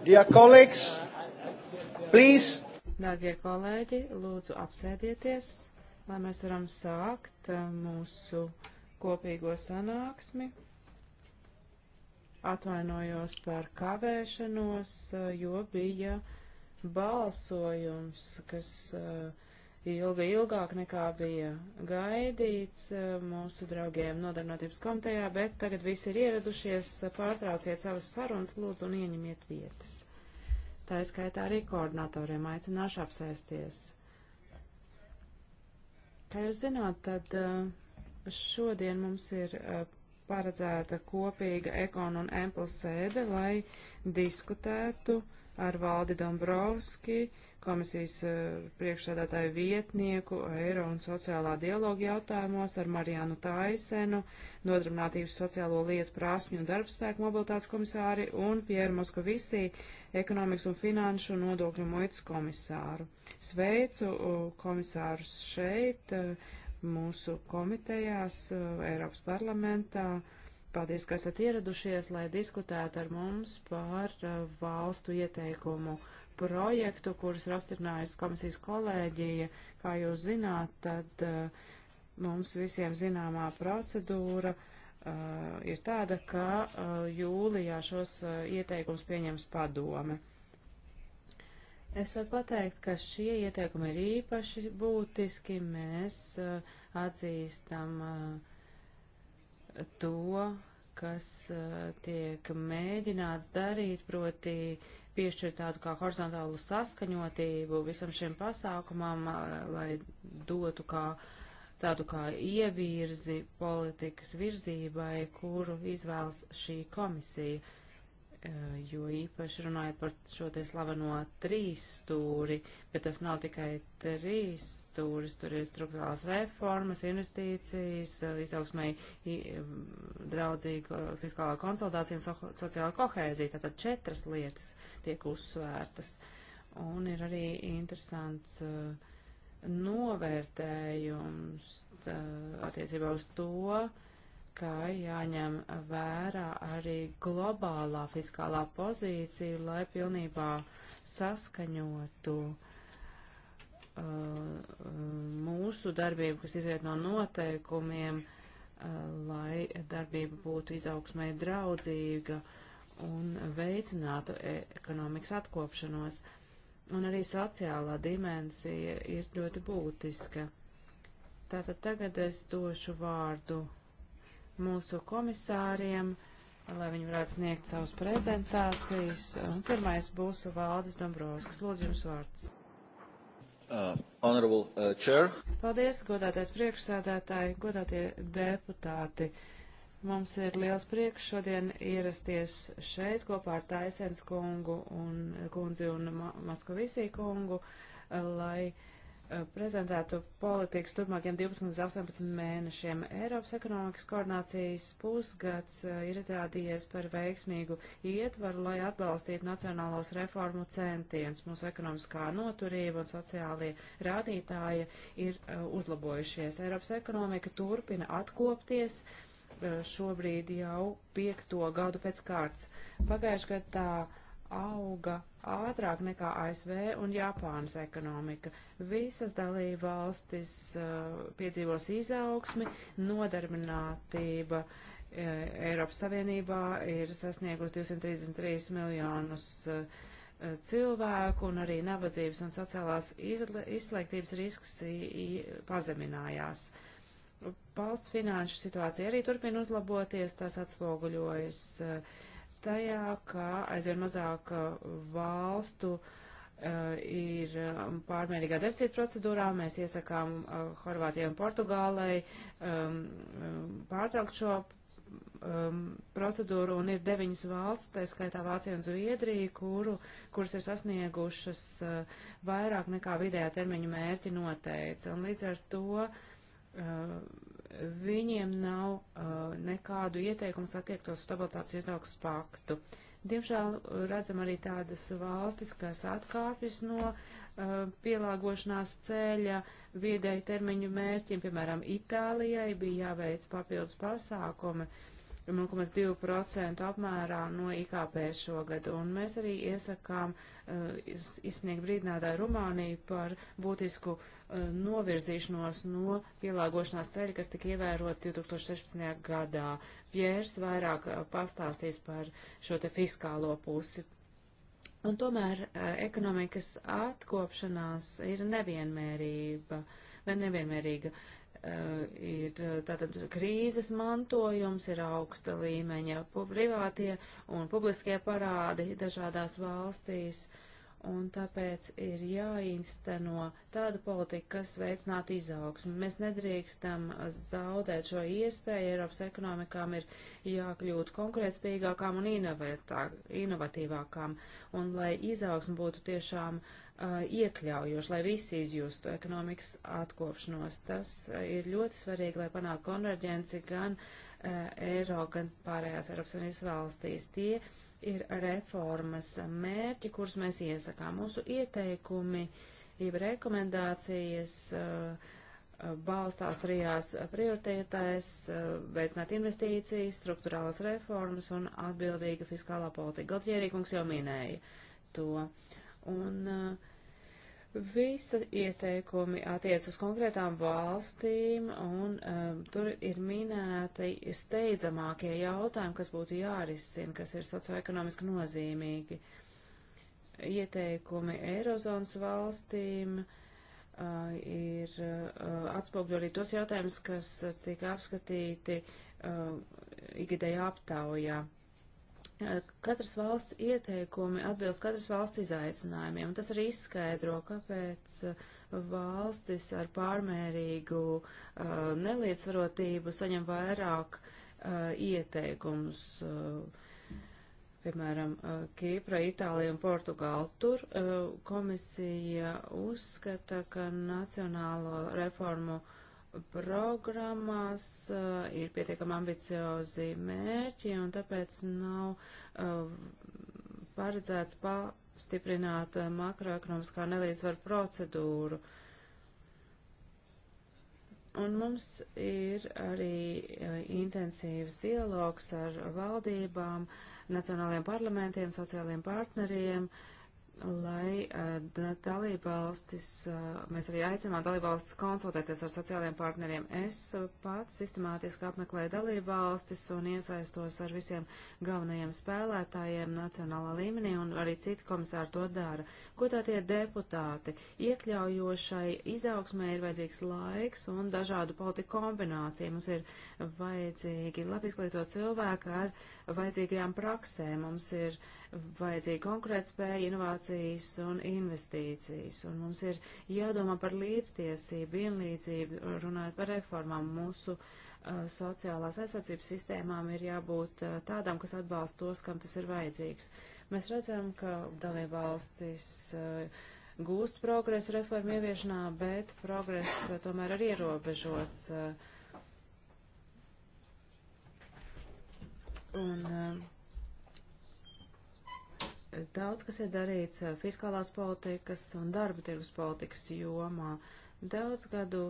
Dear colleagues, please. Dārgie kolēģi, lūdzu apsēdieties, lai mēs varam sākt uh, mūsu kopīgo sanāksmi. Atvainojos par kavēšanos, uh, jo bija balsojums, kas uh, ilga ilgāk nekā bija gaidīts eh, mūsu draugiem nodarbinātības komitejā, bet tagad visi ir ieradušies, eh, pārtrauciet savas sarunas, lūdzu, un ieņemiet vietas. Tā izskaitā arī koordinatoriem aicināšu apsēsties. Kā jūs zināt, tad eh, šodien mums ir paredzēta kopīga ekonu un emplu sēde, lai diskutētu uh, ar Valdi Dombrovski, komisijas eh, priekšsēdētāju vietnieku eiro un sociālā dialoga jautājumos ar Marianu Taisenu, nodarbinātības sociālo lietu prasmju un darbspēku mobilitātes komisāri un Pieru Moskovisī, ekonomikas un finanšu nodokļu muitas komisāru. Sveicu eh, komisārus šeit, eh, mūsu komitejās, Eiropas parlamentā Paldies, ka esat ieradušies, lai diskutētu ar mums par uh, valstu ieteikumu projektu, kurus ir apstiprinājusi komisijas kolēģija. Kā jūs zināt, tad uh, mums visiem zināmā procedūra uh, ir tāda, ka uh, jūlijā šos uh, ieteikumus pieņems padome. Es varu pateikt, ka šie ieteikumi ir īpaši būtiski. Mēs uh, atzīstam uh, to, kas eh, tiek mēģināts darīt, proti piešķirt tādu kā horizontālu saskaņotību visam šiem pasākumam, eh, lai dotu kā tādu kā ievirzi politikas virzībai, kuru izvēlas šī komisija. Eh, jo īpaši runājot par šo te slaveno trīs stūri, bet tas nav tikai trīs stūris, tur ir struktūrālās reformas, investīcijas, eh, izaugsmai draudzīga fiskālā konsolidācija un so sociālā kohēzija. Tātad četras lietas tiek uzsvērtas. Un ir arī interesants eh, novērtējums tā, attiecībā uz to, ka jāņem vērā arī globālā fiskālā pozīcija, lai pilnībā saskaņotu uh, mūsu darbību, kas iziet no noteikumiem, uh, lai darbība būtu izaugsmē draudzīga un veicinātu e- ekonomikas atkopšanos. Un arī sociālā dimensija ir ļoti būtiska. Tātad tagad es došu vārdu mūsu komisāriem, lai viņi varētu sniegt savus prezentācijas. Un pirmais būs Valdis Dombrovskis. Lūdzu, jums vārds. Uh, honorable uh, Chair. Paldies, godātais priekšsēdētāji, godātie deputāti. Mums ir liels prieks šodien ierasties šeit kopā ar Taisens kungu un kundzi un Ma Maskovisī kungu, lai uh, Eh, prezentētu politikas turpmākiem 12 līdz 18 mēnešiem. Eiropas ekonomikas koordinācijas pusgads eh, ir izrādījies par veiksmīgu ietvaru, lai atbalstītu nacionālos reformu centienus. Mūsu ekonomiskā noturība un sociālie rādītāji ir eh, uzlabojušies. Eiropas ekonomika turpina atkopties šobrīd jau piekto gadu pēc kārtas. Pagājuši gadu tā auga ātrāk nekā ASV un Japānas ekonomika. Visas dalība valstis uh, piedzīvos izaugsmi, nodarbinātība uh, Eiropas Savienībā ir sasniegusi 233 miljonus uh, uh, cilvēku un arī nabadzības un sociālās izslēgtības risks pazeminājās. Valsts finanšu situācija arī turpina uzlaboties, tas atspoguļojas uh, tajā, ka aizvien mazāk uh, valstu uh, ir um, pārmērīgā deficīta procedūrā. Mēs iesakām uh, Horvātijai un Portugālei um, um, pārtraukt šo procedūru, un ir deviņas valsts, tā skaitā Vācija un Zviedrija, kuru, kuras ir sasniegušas vairāk nekā vidējā termiņa mērķi noteica. Un līdz ar to viņiem nav uh, nekādu ieteikumu attiektos stabilitātes izaugs paktu. Diemžēl redzam arī tādas valstis, kas atkāpjas no uh, pielāgošanās ceļa viedēji termiņu mērķiem, piemēram, Itālijai bija jāveic papildus pasākumi. Uh, 0,2% apmērā no IKP šogad. Un mēs arī iesakām uh, izsniegt brīdinātāju Rumāniju par būtisku uh, novirzīšanos no pielāgošanās ceļa, kas tika ievērot 2016. gadā. Pjērs vairāk uh, pastāstīs par šo te fiskālo pusi. Un tomēr ekonomikas atkopšanās ir nevienmērība vai nevienmērīga. Eh, ir eh, tātad krīzes mantojums, ir augsta līmeņa privātie un publiskie parādi dažādās valstīs, un tāpēc ir jāinsteno tāda politika, kas veicinātu izaugsmu. Mēs nedrīkstam zaudēt šo iespēju, Eiropas ekonomikām ir jākļūt konkurētspējīgākām un inovatīvākām, un lai izaugsmu būtu tiešām uh, Uh, iekļaujoši, lai visi izjustu ekonomikas atkopšanos. Tas uh, ir ļoti svarīgi, lai panāktu konverģenci gan uh, Eiro, gan pārējās Eiropas Savienības valstīs. Tie ir reformas mērķi, kurus mēs iesakām. Mūsu ieteikumi, jeb rekomendācijas balstās trijās prioritētēs - veicināt investīcijas, struktūrālas reformas un atbildīga fiskālā politika. Galtierīkungs jau minēja to. Un uh, Visi ieteikumi attiec uz konkrētām valstīm, un um, tur ir minēti steidzamākie jautājumi, kas būtu jārisina, kas ir socioekonomiski nozīmīgi. Ieteikumi Eirozonas valstīm uh, ir uh, atspogļo arī tos jautājumus, kas tika apskatīti uh, ikgadējā aptaujā. Uh, katras valsts ieteikumi atbilst katras valsts izaicinājumiem, un tas arī izskaidro, kāpēc uh, valstis ar pārmērīgu uh, nelīdzsvarotību saņem vairāk uh, ieteikumus. Uh, piemēram, uh, Kīpra, Itālija un Portugāla. Tur uh, komisija uzskata, ka nacionālo reformu uh, programmās uh, ir pietiekami ambiciozi mērķi, un tāpēc nav uh, paredzēts pastiprināt uh, makroekonomiskā nelīdzvaru procedūru. Un mums ir arī uh, intensīvs dialogs ar valdībām, nacionālajiem parlamentiem, sociālajiem partneriem, uh, lai uh, dalībvalstis, uh, mēs arī aicinām dalībvalstis konsultēties ar sociālajiem partneriem. Es uh, pats sistemātiski apmeklēju dalībvalstis un iesaistos ar visiem galvenajiem spēlētājiem nacionālā līmenī, un arī citi komisāri to dara. Ko tā tie deputāti? Iekļaujošai izaugsmē ir vajadzīgs laiks un dažādu politiku kombināciju. Mums ir vajadzīgi labi izglītot cilvēku ar vajadzīgajām praksēm. Mums ir uh, vajadzīga konkurētspēja, inovācijas un investīcijas. Un mums ir jādomā par līdztiesību, vienlīdzību, runājot par reformām. Mūsu uh, sociālās aizsardzības sistēmām ir jābūt uh, tādām, kas atbalsta tos, kam tas ir vajadzīgs. Mēs redzam, ka dalībvalstis uh, gūst progresu reformu ieviešanā, bet progress uh, tomēr ir ierobežots. Uh. Un, uh, Daudz, kas ir darīts eh, fiskālās politikas un darba tirgus politikas jomā, daudz gadu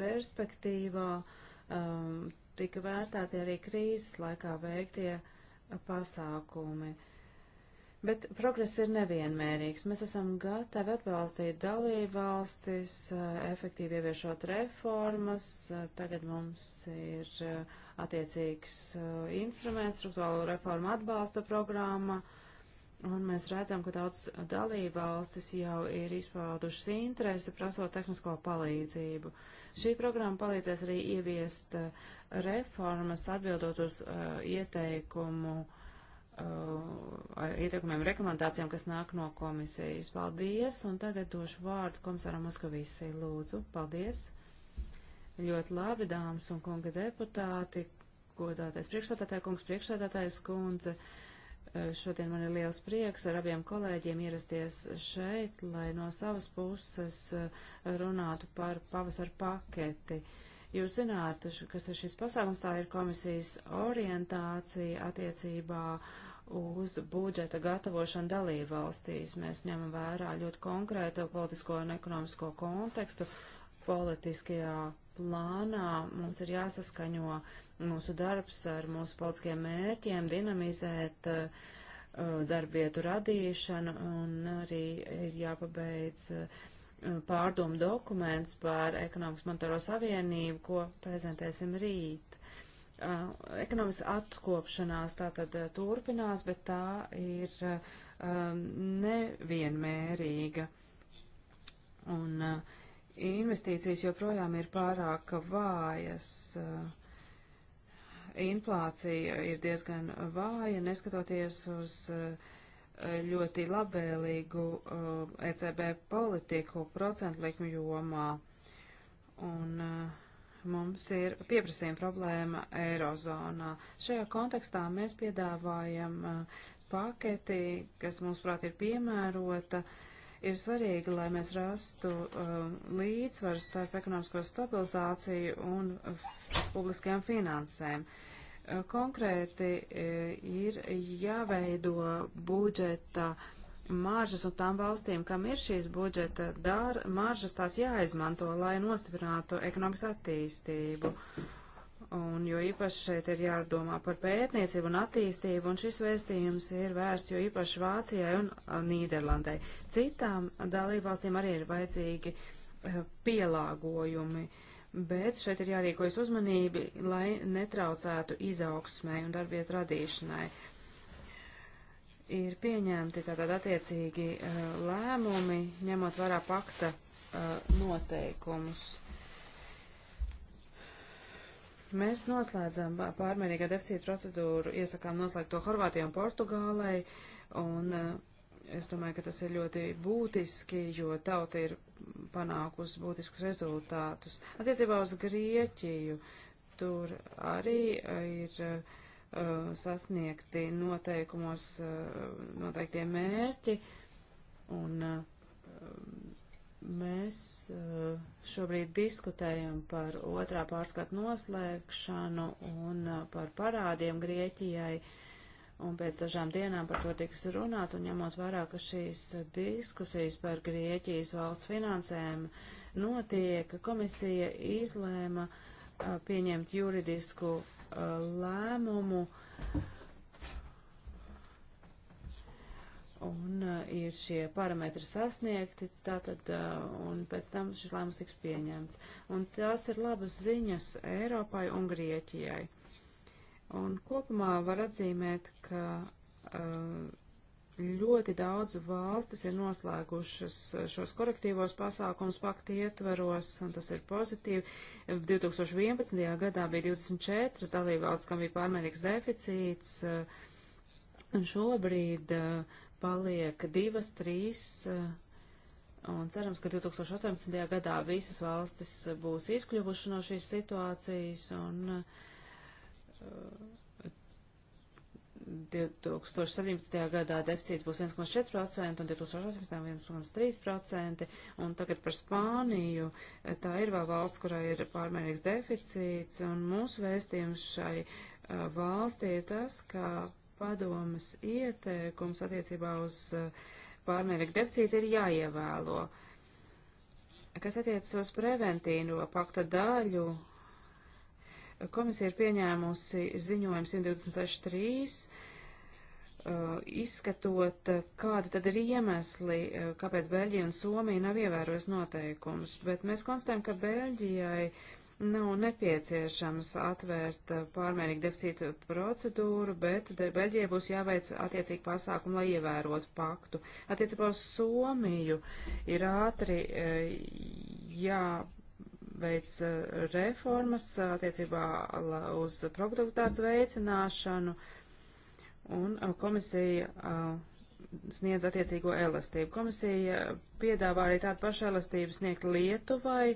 perspektīvā um, tika vērtēti arī krīzes laikā veiktie eh, pasākumi. Uh, Bet progress ir nevienmērīgs. Mēs esam gatavi atbalstīt dalībvalstis, eh, efektīvi ieviešot reformas. Eh, tagad mums ir eh, attiecīgs instruments, struktūrālo reformu atbalsta programma. Un mēs redzam, ka daudz dalībvalstis jau ir izpaudušas interesi prasot tehnisko palīdzību. Šī programma palīdzēs arī ieviest reformas atbildot uz uh, ieteikumu uh, uh, ieteikumiem, rekomendācijām, kas nāk no komisijas. Paldies, un tagad došu vārdu komisāram Moskavīsī. Lūdzu, paldies. Ļoti labi, dāmas un kunga deputāti, godātais priekšsādātāja kungs, priekšsādātājs kundze. Uh, šodien man ir liels prieks ar abiem kolēģiem ierasties šeit, lai no savas puses uh, runātu par pavasaru paketi. Uh, Jūs zināt, kas ir šis pasākums, tā ir komisijas orientācija attiecībā uz budžeta gatavošanu dalību valstīs. Mēs ņemam vērā ļoti konkrēto politisko un ekonomisko kontekstu. Politiskajā plānā mums ir jāsaskaņo mūsu darbs ar mūsu politiskajiem mērķiem, dinamizēt uh, darbvietu radīšanu un arī ir jāpabeidz uh, Eh, pārdomu dokuments par ekonomikas monetāro savienību, ko prezentēsim rīt. Eh, ekonomikas atkopšanās tā tad eh, turpinās, bet tā ir nevienmērīga. Un investīcijas joprojām ir pārāk vājas. Inflācija ir diezgan vāja, neskatoties uz uh, ļoti labvēlīgu uh, ECB politiku procentlikmu jomā. Un uh, mums ir pieprasījuma problēma Eirozonā. Šajā kontekstā mēs piedāvājam uh, paketi, kas mums prāt ir piemērota. Ir svarīgi, lai mēs rastu uh, līdzsvaru starp ekonomisko stabilizāciju un uh, publiskajām finansēm. Uh, Eh, konkrēti eh, ir jāveido budžeta maržas un tām valstīm, kam ir šīs budžeta dar, maržas, tās jāizmanto, lai nostiprinātu ekonomikas attīstību. Un jo īpaši šeit ir jārdomā par pētniecību un attīstību, un šis vēstījums ir vērsts jo īpaši Vācijai un eh, Nīderlandai. Citām dalībvalstīm arī ir vajadzīgi pielāgojumi. Uh, bet šeit ir jārīkojas uzmanībi, lai netraucētu izaugsmai un darbvietu radīšanai. Ir pieņemti tātad attiecīgi eh, lēmumi, ņemot vērā pakta eh, noteikumus. Mēs noslēdzam pārmērīgā deficīta procedūru, iesakām noslēgt to Horvātijai un Portugālei, un uh, Es domāju, ka tas ir ļoti būtiski, jo tauta ir panākusi būtiskus rezultātus. Attiecībā uz Grieķiju tur arī uh, ir uh, sasniegti noteikumos uh, noteiktie mērķi, un uh, mēs uh, šobrīd diskutējam par otrā pārskatu noslēgšanu un uh, par parādiem Grieķijai. Uh, un pēc dažām dienām par to tiks runāts, un ņemot vērā, ka šīs diskusijas par Grieķijas valsts finansēm notiek, komisija izlēma a, uh, pieņemt juridisku a, uh, lēmumu. Un uh, ir šie parametri sasniegti, tātad, uh, un pēc tam šis lēmums tiks pieņemts. Un tās ir labas ziņas Eiropai un Grieķijai. Uh, Un kopumā var atzīmēt, ka eh, ļoti daudz valstis ir noslēgušas eh, šos korektīvos pasākums pakti ietveros, un tas ir pozitīvi. 2011. gadā bija 24 dalībvalsts, kam bija pārmērīgs deficīts, eh, un šobrīd paliek divas, trīs, un cerams, ka 2018. gadā visas valstis būs izkļuvuši no šīs situācijas, un uh, 2017. gadā deficīts būs 1,4% un 2018. 1,3%, un tagad par Spāniju. Tā ir vēl valsts, kurā ir pārmērīgs deficīts, un mūsu vēstījums šai uh, valstī ir tas, ka padomas ieteikums attiecībā uz uh, pārmērīgu deficītu ir jāievēlo. Kas attiecas uz preventīvo pakta daļu, Komisija ir pieņēmusi ziņojumu 126.3, uh, izskatot, uh, kādi tad ir iemesli, uh, kāpēc Beļģija un Somija nav ievērojusi noteikumus, bet mēs konstatējam, ka Beļģijai nav nepieciešams atvērt pārmērīgi deficīta procedūru, bet Beļģijai būs jāveic attiecīgi pasākumi, lai ievērotu paktu. Attiecībā uz Somiju ir ātri jā jāveic eh, reformas eh, attiecībā uz produktivitātes veicināšanu, un eh, komisija sniedz attiecīgo elastību. Komisija piedāvā arī tādu pašu elastību sniegt Lietuvai,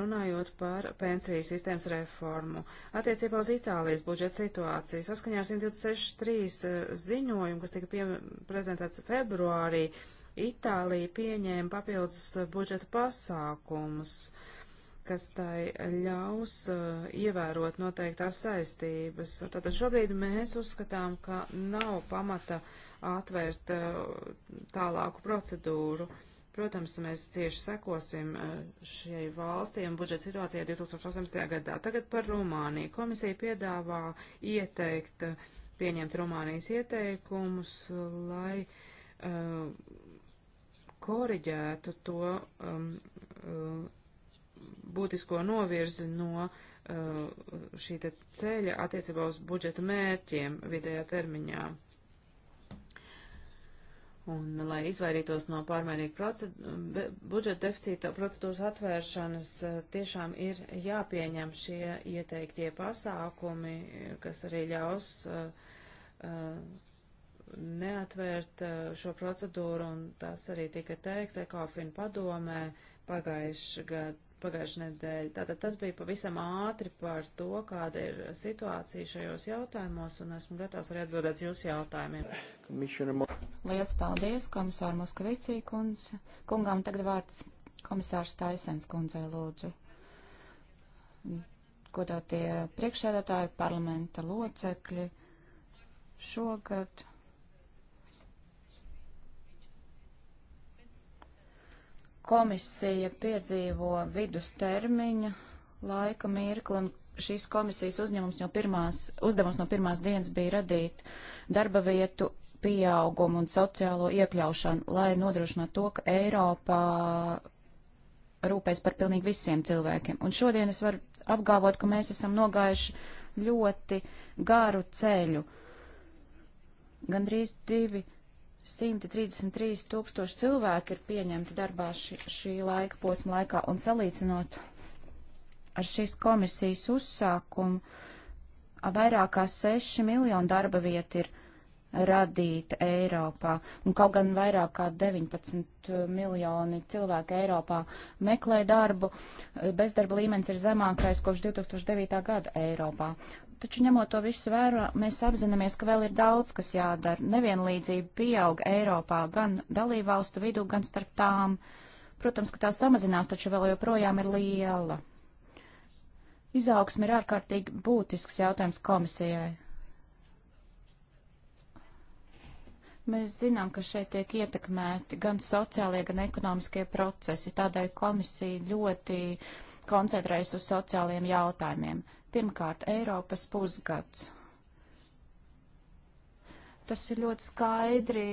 runājot par pensiju sistēmas reformu. Attiecībā uz Itālijas budžeta situāciju saskaņā ar 126.3 ziņojumu, kas tika pie, prezentēts februārī, Itālija pieņēma papildus budžeta pasākumus. Uh, kas tai ļaus uh, ievērot noteiktās saistības. Tātad šobrīd mēs uzskatām, ka nav pamata atvērt uh, tālāku procedūru. Protams, mēs cieši sekosim uh, šai valstī un budžeta situācijai 2018. gadā. Tagad par Rumāniju. Komisija piedāvā ieteikt, pieņemt Rumānijas ieteikumus, lai koriģētu to um, būtisko novirzi no uh, šī ceļa attiecībā uz budžeta mērķiem vidējā termiņā. Un, lai izvairītos no pārmērīga budžeta deficīta procedūras atvēršanas, uh, tiešām ir jāpieņem šie ieteiktie pasākumi, kas arī ļaus uh, uh, neatvērt uh, šo procedūru, un tas arī tika teiks Ekofin padomē pagājušajā gad, pagājušajā nedēļā. Tātad tas bija pavisam ātri par to, kāda ir situācija šajos jautājumos, un esmu gatavs arī atbildēt jūsu jautājumiem. Lielas paldies, komisāra Moskavicī kundz. Kungām tagad vārds komisārs Taisens kundzei lūdzu. Godotie priekšsēdētāji, parlamenta locekļi šogad komisija piedzīvo vidustermiņa laika mirkli, un šīs komisijas uzņēmums no pirmās, uzdevums no pirmās dienas bija radīt darba vietu pieaugumu un sociālo iekļaušanu, lai nodrošinātu to, ka Eiropā rūpēs par pilnīgi visiem cilvēkiem. Un šodien es varu apgalvot, ka mēs esam nogājuši ļoti garu ceļu. Gandrīz divi 133 tūkstoši cilvēki ir pieņemti darbā šī, šī laika posma laikā un salīdzinot ar šīs komisijas uzsākumu, vairāk kā 6 miljonu darba vietu ir radīta Eiropā. Un kaut gan vairāk kā 19 miljoni cilvēku Eiropā meklē darbu, bezdarba līmenis ir zemākais kopš 2009. gada Eiropā. Taču ņemot to visu vērā, mēs apzināmies, ka vēl ir daudz, kas jādara. Nevienlīdzība pieaug Eiropā gan dalībvalstu vidū, gan starp tām. Protams, ka tā samazinās, taču vēl joprojām ir liela. Izaugsme ir ārkārtīgi būtisks jautājums komisijai. Mēs zinām, ka šeit tiek ietekmēti gan sociālie, gan ekonomiskie procesi, tādēļ komisija ļoti koncentrējas uz sociāliem jautājumiem. Pirmkārt, Eiropas pusgads. Tas ir ļoti skaidri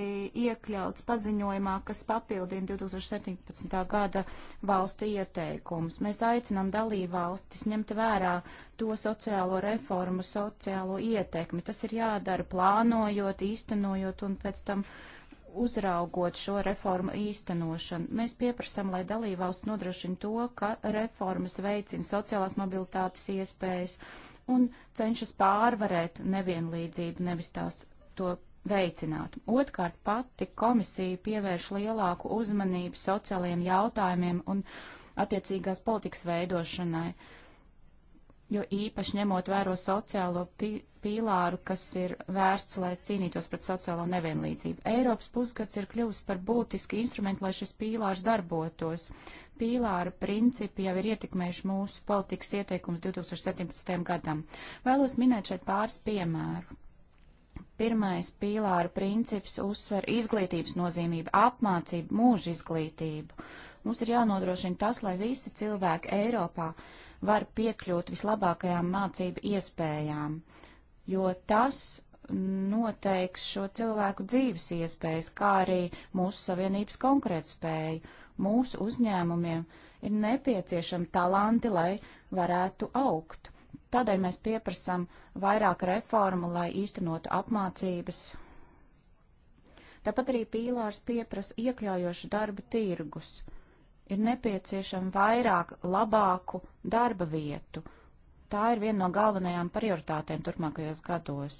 iekļauts paziņojumā, kas papildina 2017. gada valstu ieteikumus. Mēs aicinām dalībvalstis ņemt vērā to sociālo reformu, sociālo ietekmi. Tas ir jādara plānojot, īstenojot un pēc tam uh, uzraugot šo reformu īstenošanu. Mēs pieprasam, lai dalībvalsts nodrošina to, ka reformas veicina sociālās mobilitātes iespējas un cenšas pārvarēt nevienlīdzību, nevis tās to veicināt. Otkārt, pati komisija pievērš lielāku uzmanību sociālajiem jautājumiem un attiecīgās politikas veidošanai. Uh, jo īpaši ņemot vēro sociālo pīlāru, kas ir vērsts, lai cīnītos pret sociālo nevienlīdzību. Eiropas pusgads ir kļuvis par būtisku instrumentu, lai šis pīlārs darbotos. Pīlāra principi jau ir ietekmējuši mūsu politikas ieteikums 2017. gadam. Vēlos minēt šeit pāris piemēru. Pirmais pīlāra princips uzsver izglītības nozīmību, apmācību, mūža izglītību. Mums ir jānodrošina tas, lai visi cilvēki Eiropā uh, var piekļūt vislabākajām mācību iespējām, jo tas noteiks šo cilvēku dzīves iespējas, kā arī mūsu savienības konkurētspēju. Mūsu uzņēmumiem ir nepieciešami talanti, lai varētu augt. Tādēļ mēs pieprasam vairāk reformu, lai īstenotu apmācības. Tāpat arī pīlārs pieprasa iekļaujošu darba tirgus ir nepieciešama vairāk labāku darba vietu. Tā ir viena no galvenajām prioritātēm turpmākajos gados.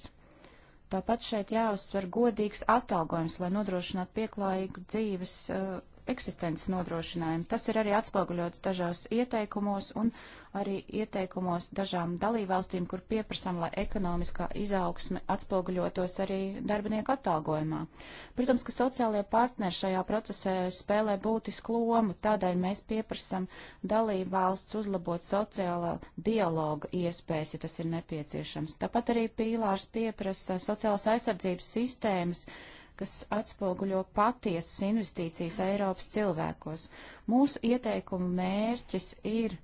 Tāpat šeit jāuzsver godīgs atalgojums, lai nodrošinātu pieklājīgu dzīves uh, eksistences nodrošinājumu. Tas ir arī atspoguļots dažos ieteikumos un arī ieteikumos dažām dalībvalstīm, kur pieprasām, lai ekonomiskā izaugsme atspoguļotos arī darbinieku atalgojumā. Protams, ka sociālie partneri šajā procesē spēlē būtisku lomu, tādēļ mēs pieprasām dalībvalsts uzlabot sociālā dialoga iespējas, ja tas ir nepieciešams. Tāpat arī pīlārs pieprasa sociālas aizsardzības sistēmas, kas atspoguļo patiesas investīcijas Eiropas cilvēkos. Mūsu ieteikumu mērķis ir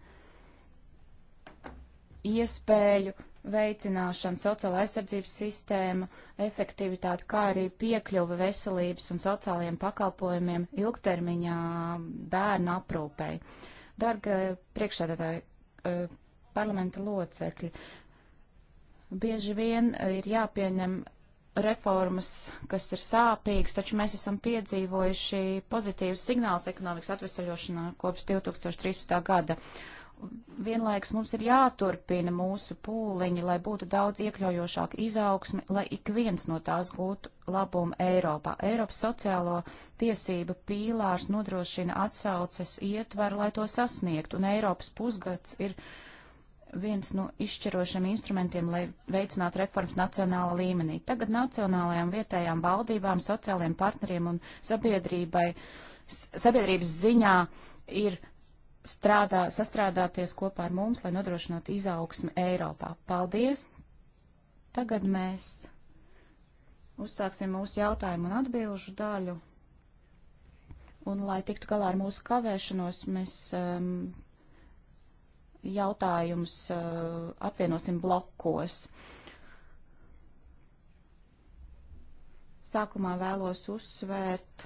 iespēju veicināšana, sociāla aizsardzības sistēma, efektivitāte, kā arī piekļuva veselības un sociālajiem pakalpojumiem ilgtermiņā bērnu aprūpei. Darga priekšsēdētāji, eh, parlamenta locekļi, bieži vien eh, ir jāpieņem reformas, kas ir sāpīgas, taču mēs esam piedzīvojuši pozitīvas signālus ekonomikas atvesaļošanā kopš 2013. gada. Vienlaiks mums ir jāturpina mūsu pūliņi, lai būtu daudz iekļaujošāk izaugsmi, lai ik viens no tās gūtu labumu Eiropā. Eiropas sociālo tiesību pīlārs nodrošina atsauces ietvaru, lai to sasniegtu, un Eiropas pusgads ir viens no izšķirošiem instrumentiem, lai veicinātu reformas nacionāla līmenī. Tagad nacionālajām vietējām valdībām, sociālajiem partneriem un sabiedrībai, sabiedrības ziņā ir strādā, sastrādāties kopā ar mums, lai nodrošinātu izaugsmi Eiropā. Paldies! Tagad mēs uzsāksim mūsu jautājumu un atbilžu daļu. Un, lai tiktu galā ar mūsu kavēšanos, mēs um, jautājumus eh, apvienosim blokos. Sākumā vēlos uzsvērt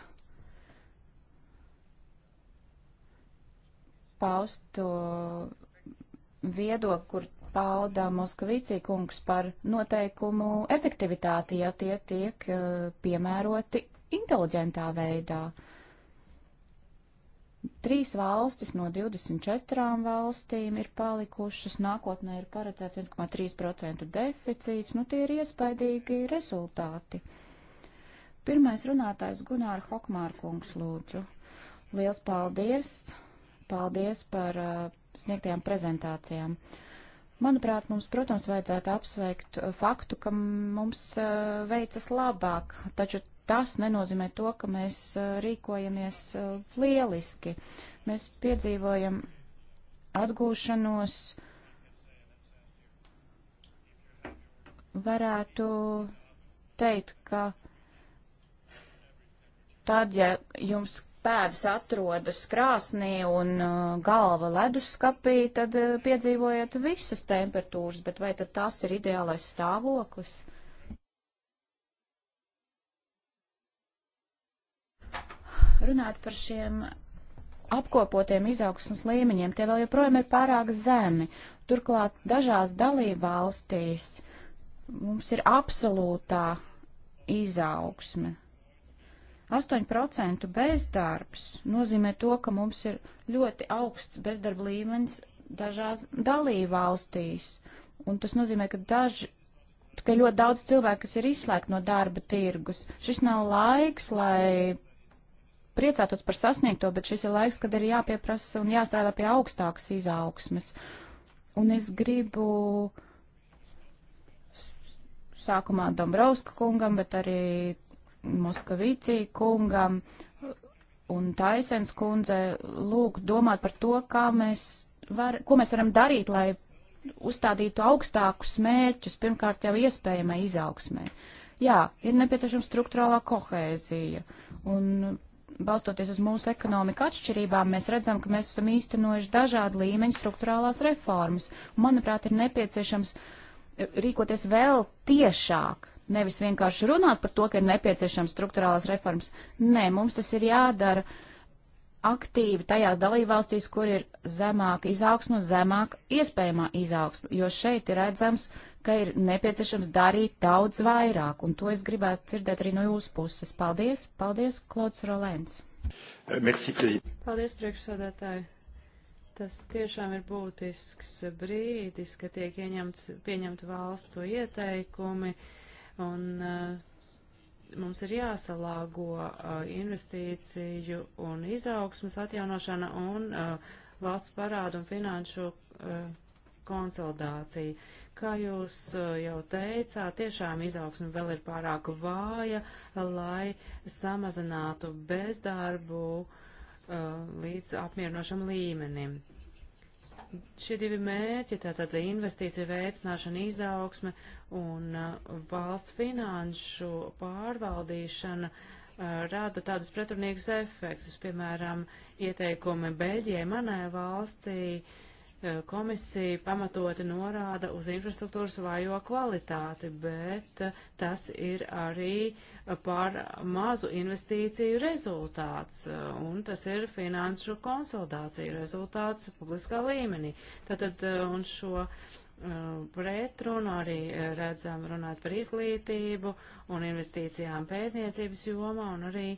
paustu viedokli, kur pauda Moskavīcī kungs par noteikumu efektivitāti, ja tie tiek eh, piemēroti inteliģentā veidā. Uh, Trīs valstis no 24 valstīm ir palikušas, nākotnē ir paredzēts 1,3% deficīts, nu tie ir iespaidīgi rezultāti. Pirmais runātājs Gunāra Hokmārkungs lūdzu. Liels paldies! Paldies par uh, sniegtajām prezentācijām. Manuprāt, mums, protams, vajadzētu apsveikt uh, faktu, ka mums uh, veicas labāk, taču tas nenozīmē to, ka mēs uh, rīkojamies uh, lieliski. Mēs piedzīvojam atgūšanos, varētu teikt, ka tad, ja jums pēdas atrodas krāsnī un uh, galva leduskapī, tad uh, piedzīvojat visas temperatūras, bet vai tad tas ir ideālais stāvoklis? runāt par šiem apkopotiem izaugsmas līmeņiem. Tie vēl joprojām ir pārāk zemi. Turklāt dažās dalībvalstīs mums ir absolūtā izaugsme. 8% bezdarbs nozīmē to, ka mums ir ļoti augsts bezdarba līmenis dažās dalībvalstīs. Un tas nozīmē, ka daži, ka ļoti daudz cilvēku, kas ir izslēgti no darba tirgus, šis nav laiks, lai priecātos par sasniegto, bet šis ir laiks, kad ir jāpieprasa un jāstrādā pie augstākas izaugsmes. Un es gribu sākumā Dombrovska kungam, bet arī Moskavīcī kungam un Taisens kundze lūk domāt par to, kā mēs var, ko mēs varam darīt, lai uzstādītu augstākus mērķus, pirmkārt jau iespējamai izaugsmai. Jā, ir nepieciešama struktūrālā kohēzija, un balstoties uz mūsu ekonomiku atšķirībām, mēs redzam, ka mēs esam īstenojuši dažādu līmeņu struktūrālās reformas. Manuprāt, ir nepieciešams eh, rīkoties vēl tiešāk, nevis vienkārši runāt par to, ka ir nepieciešams struktūrālās reformas. Nē, mums tas ir jādara aktīvi tajās dalībvalstīs, kur ir zemāka izaugsma un zemāka iespējamā izaugsma, jo šeit ir redzams ka ir nepieciešams darīt daudz vairāk, un to es gribētu dzirdēt arī no jūsu puses. Paldies, paldies, Klods Rolēns. Eh, merci, paldies, priekšsādātāji. Tas tiešām ir būtisks brīdis, ka tiek ieņemts, pieņemt valstu ieteikumi, un uh, mums ir jāsalāgo uh, investīciju un izaugsmas atjaunošana un uh, valsts parādu un finanšu uh, konsolidāciju. Kā jūs uh, jau teicāt, tiešām izaugsme vēl ir pārāk vāja, lai samazinātu bezdarbu uh, līdz apmierinošam līmenim. Šie divi mērķi, tātad investīcija veicināšana, izaugsme un uh, valsts finanšu pārvaldīšana, rada tādus pretrunīgus efektus. Piemēram, ieteikumi Beļģijai manai valstī uh, Eh, komisija pamatoti norāda uz infrastruktūras vājo kvalitāti, bet eh, tas ir arī par mazu investīciju rezultāts, eh, un tas ir finanšu konsolidāciju rezultāts publiskā līmenī. Tātad, un šo pretrunu arī redzam runāt par izglītību un investīcijām pētniecības jomā un arī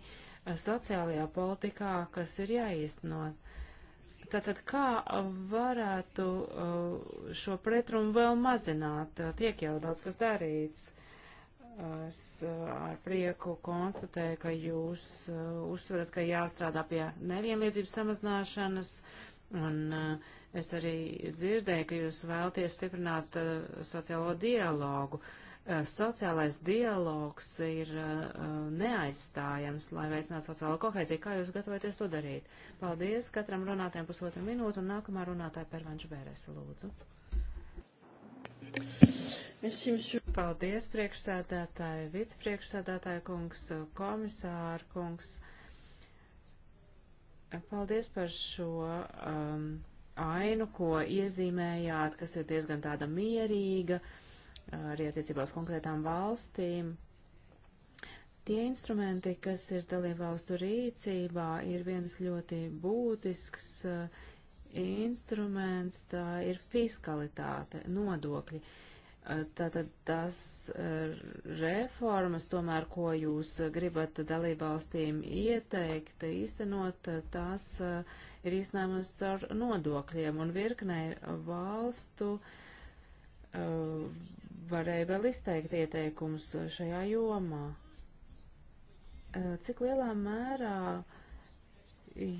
sociālajā politikā, kas ir jāīstenot Tātad kā varētu uh, šo pretrumu vēl mazināt? Tiek jau daudz kas darīts. Es ar prieku konstatēju, ka jūs uzsverat, ka jāstrādā pie nevienlīdzības samazināšanas, Un uh, es arī dzirdēju, ka jūs vēlties stiprināt uh, sociālo dialogu. Eh, sociālais dialogs ir eh, neaizstājams, lai veicinātu sociālo kohēziju. Kā jūs gatavojaties to darīt? Paldies katram runātājiem pusotru minūtu un nākamā runātāja Pervanča Bērēsa lūdzu. Paldies, priekšsēdētāji, vicepriekšsēdētāji kungs, komisāra kungs. Paldies par šo um, ainu, ko iezīmējāt, kas ir diezgan tāda mierīga. Uh, arī attiecībā uz konkrētām valstīm. Tie instrumenti, kas ir dalībvalstu rīcībā, ir viens ļoti būtisks uh, instruments, tā ir fiskalitāte, nodokļi. Eh, tātad tās eh, reformas, tomēr, ko jūs gribat dalībvalstīm ieteikt, īstenot, tās ir īstenāmas caur nodokļiem un virknei valstu varēja vēl izteikt ieteikumus šajā jomā. Cik lielā mērā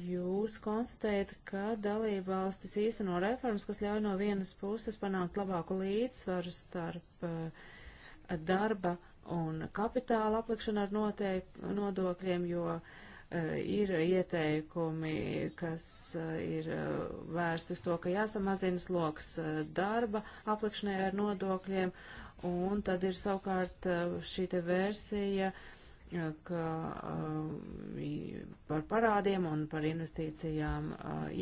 jūs konstatējat, ka dalībvalstis īsteno reformas, kas ļauj no vienas puses panākt labāku līdzsvaru starp darba un kapitāla aplikšanu ar noteik, nodokļiem, jo uh, Eh, ir ieteikumi, kas eh, ir eh, vērsti uz to, ka jāsamazina sloks darba aplikšanai ar nodokļiem, un tad ir savukārt šī te versija, ka par parādiem un par investīcijām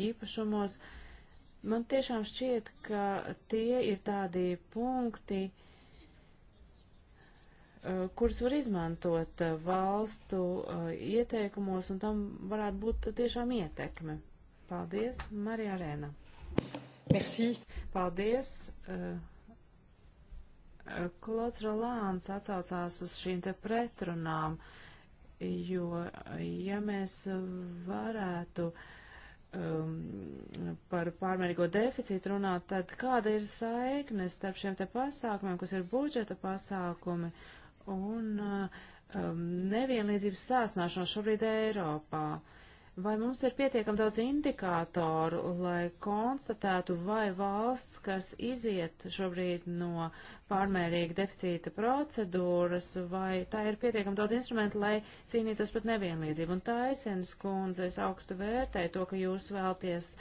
īpašumos. Man tiešām šķiet, ka tie ir tādi punkti, uh, Uh, kurus var izmantot uh, valstu uh, ieteikumos, un tam varētu būt tiešām ietekme. Paldies, Marija Arēna. Merci. Paldies. Klods Rolāns atsaucās uz šīm te pretrunām, jo ja mēs varētu um, par pārmērīgo deficītu runāt, tad kāda ir saikne starp šiem te pasākumiem, kas ir budžeta pasākumi, uh, un uh, um, nevienlīdzības sāsnāšanos šobrīd Eiropā. Vai mums ir pietiekam daudz indikātoru, lai konstatētu, vai valsts, kas iziet šobrīd no pārmērīga deficīta procedūras, vai tā ir pietiekam daudz instrumentu, lai cīnītos pret nevienlīdzību? Un taisens kundze, es augstu vērtēju to, ka jūs vēlties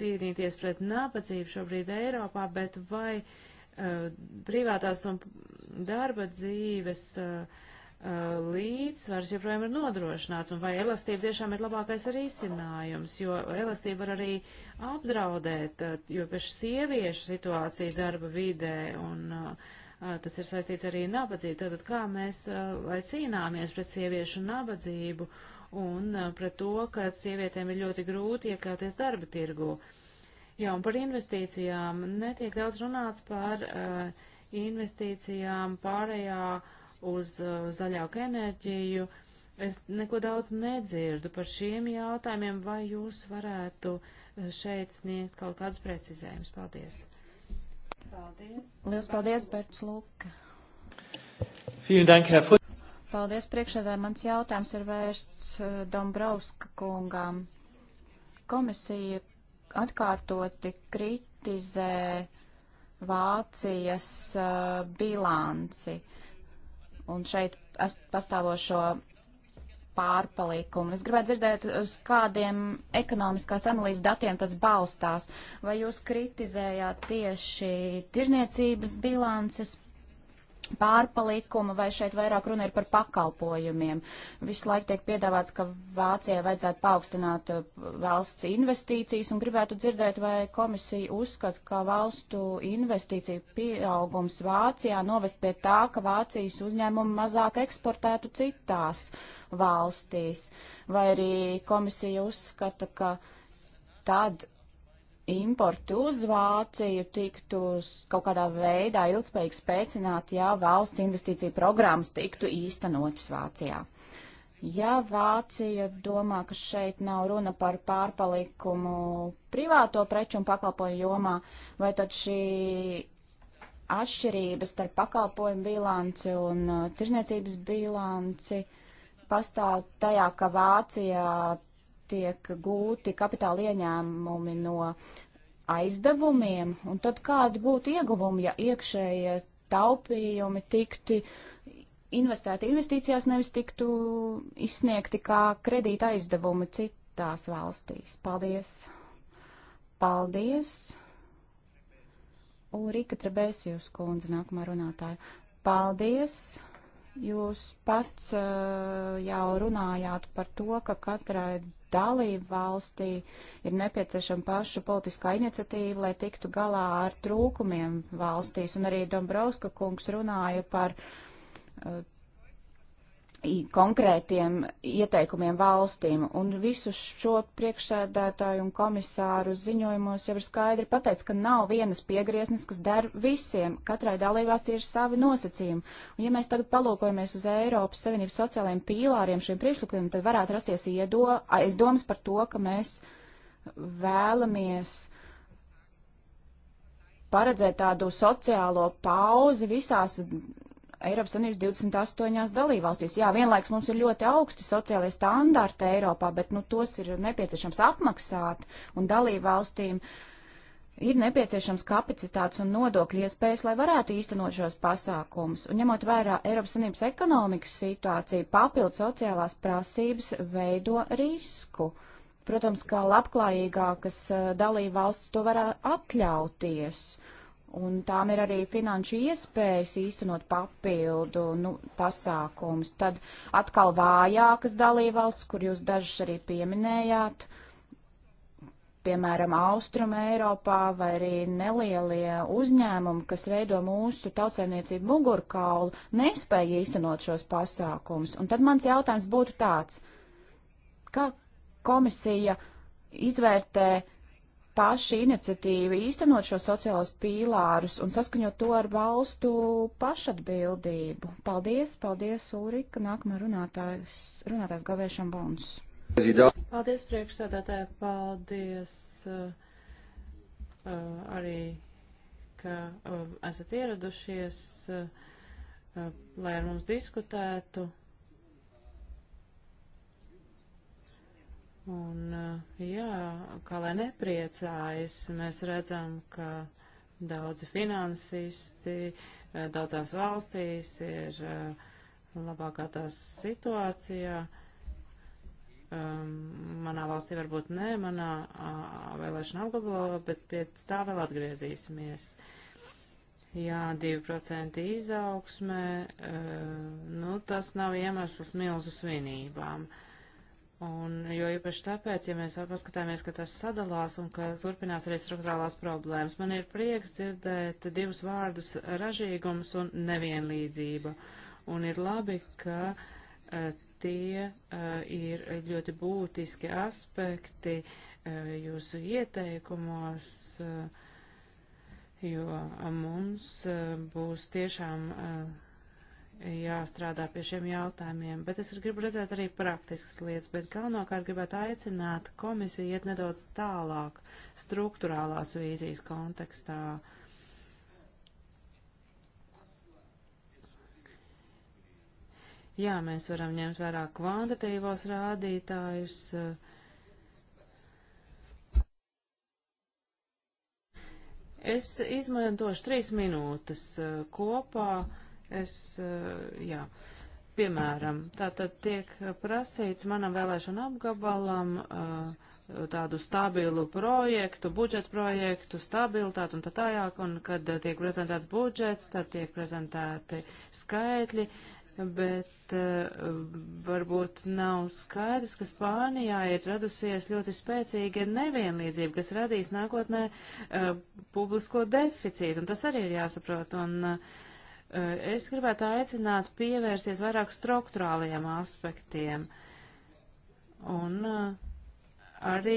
cīnīties pret nabadzību šobrīd Eiropā, bet vai uh, Eh, privātās un darba dzīves eh, eh, līdzsvars joprojām ir nodrošināts, un vai elastība tiešām ir labākais risinājums, jo elastība var arī apdraudēt, jo pieši sieviešu situācija darba vidē, un tas ir saistīts arī nabadzību. Tātad kā mēs, lai cīnāmies pret sieviešu nabadzību un pret to, ka sievietēm ir ļoti grūti iekļauties darba tirgu. Uh, Jā, un par investīcijām netiek daudz runāts par uh, investīcijām pārējā uz uh, zaļāku enerģiju. Es neko daudz nedzirdu par šiem jautājumiem, vai jūs varētu eh, šeit sniegt kaut kādus precizējumus. Paldies! Paldies! Lielas paldies, Berts Luka! Paldies, priekšsēdē. Mans jautājums ir vērsts Dombrovska kungām. Komisija atkārtoti kritizē Vācijas uh, bilanci un šeit pastāvošo pārpalikumu. Es gribētu dzirdēt, uz kādiem ekonomiskās analīzes datiem tas balstās. Vai jūs kritizējāt tieši tirzniecības bilances pārpalikumu, vai šeit vairāk runa ir par pakalpojumiem. Visu laiku tiek piedāvāts, ka Vācijai vajadzētu paaugstināt uh, valsts investīcijas, un gribētu dzirdēt, vai komisija uzskata, ka valstu investīciju pieaugums Vācijā novest pie tā, ka Vācijas uzņēmumi mazāk eksportētu citās valstīs, vai arī komisija uzskata, ka tad importi uz Vāciju tiktu kaut kādā veidā ilgspējīgi spēcināti, ja valsts investīcija programmas tiktu īstenotas Vācijā. Ja Vācija domā, ka šeit nav runa par pārpalikumu privāto preču un pakalpoju jomā, vai tad šī atšķirības starp pakalpojumu bilanci un uh, tirzniecības bilanci pastāv tajā, ka Vācijā tiek gūti kapitāla ieņēmumi no aizdevumiem, un tad kādi būtu ieguvumi, ja iekšējie taupījumi tikti investēti investīcijās, nevis tiktu izsniegti kā kredīta aizdevumi citās valstīs. Paldies! Paldies! Ulrika Trebēsijus kundze, nākamā runātāja. Paldies! Jūs pats uh, jau runājāt par to, ka katrai dalību valstī ir nepieciešama pašu politiskā iniciatīva, lai tiktu galā ar trūkumiem valstīs. Un arī Dombrovska kungs runāja par uh, konkrētiem ieteikumiem valstīm, un visu šo priekšsēdētāju un komisāru ziņojumos jau ir skaidri pateicis, ka nav vienas piegrieznes, kas der visiem. Katrai dalībvalstī ir savi nosacījumi. Un ja mēs tagad palūkojamies uz Eiropas Savienības sociālajiem pīlāriem šiem priekšlikumiem, tad varētu rasties iedo, aizdomas par to, ka mēs vēlamies paredzēt tādu sociālo pauzi visās Eiropas Savienības 28 dalībvalstīs. Jā, vienlaiks mums ir ļoti augsti sociālie standarti Eiropā, bet nu, tos ir nepieciešams apmaksāt un dalībvalstīm ir nepieciešams kapacitātes un nodokļu iespējas, lai varētu īstenot šos pasākumus. Un ņemot vērā Eiropas Savienības ekonomikas situāciju, papildu sociālās prasības veido risku. Protams, kā labklājīgākas eh, dalībvalstis to var atļauties. Uh, Un tām ir arī finanšu iespējas īstenot papildu nu, pasākumus. Tad atkal vājākas dalībvalsts, kur jūs dažas arī pieminējāt, piemēram, Austruma Eiropā vai arī nelielie uzņēmumi, kas veido mūsu tautsēmniecību mugurkaulu, nespēja īstenot šos pasākumus. Un tad mans jautājums būtu tāds, kā komisija izvērtē, uh, paši iniciatīvi īstenot šo sociālos pīlārus un saskaņot to ar valstu pašatbildību. Paldies, paldies, Ulrika. Nākamā runātājs, runātājs Gavēšana Bons. Paldies, priekšsādātāji, paldies uh, uh, arī, ka uh, esat ieradušies, uh, uh, lai ar mums diskutētu. Un, eh, jā, kā lai nepriecājas, mēs redzam, ka daudzi finansisti eh, daudzās valstīs ir eh, labākā tās situācijā. Um, manā valstī varbūt ne, manā vēlēšana apgabalā, bet pie tā vēl atgriezīsimies. Jā, 2% izaugsme, nu tas nav iemesls milzu svinībām. Uh, Un, jo īpaši tāpēc, ja mēs paskatāmies, ka tas sadalās un ka turpinās arī struktūrālās problēmas, man ir prieks dzirdēt divus vārdus - ražīgums un nevienlīdzība. Un ir labi, ka uh, tie uh, ir ļoti būtiski aspekti uh, jūsu ieteikumos. Uh, jo mums būs tiešām uh, jāstrādā pie šiem jautājumiem, bet es gribu redzēt arī praktiskas lietas, bet galvenokārt gribētu aicināt komisiju iet nedaudz tālāk struktūrālās vīzijas kontekstā. Jā, mēs varam ņemt vērā kvantitīvos rādītājus. Es izmantošu trīs minūtes uh, kopā Es, eh, jā, piemēram, tātad tiek prasīts manam vēlēšana apgabalam eh, tādu stabilu projektu, budžetu projektu, stabilitāti un tā tālāk, un kad eh, tiek prezentēts budžets, tad tiek prezentēti skaitļi, bet uh, varbūt nav skaidrs, ka Spānijā ir radusies ļoti spēcīga nevienlīdzība, kas radīs nākotnē uh, publisko deficītu, un tas arī ir jāsaprot, un uh, Eh, es gribētu aicināt pievērsties vairāk struktūrālajiem aspektiem un eh, arī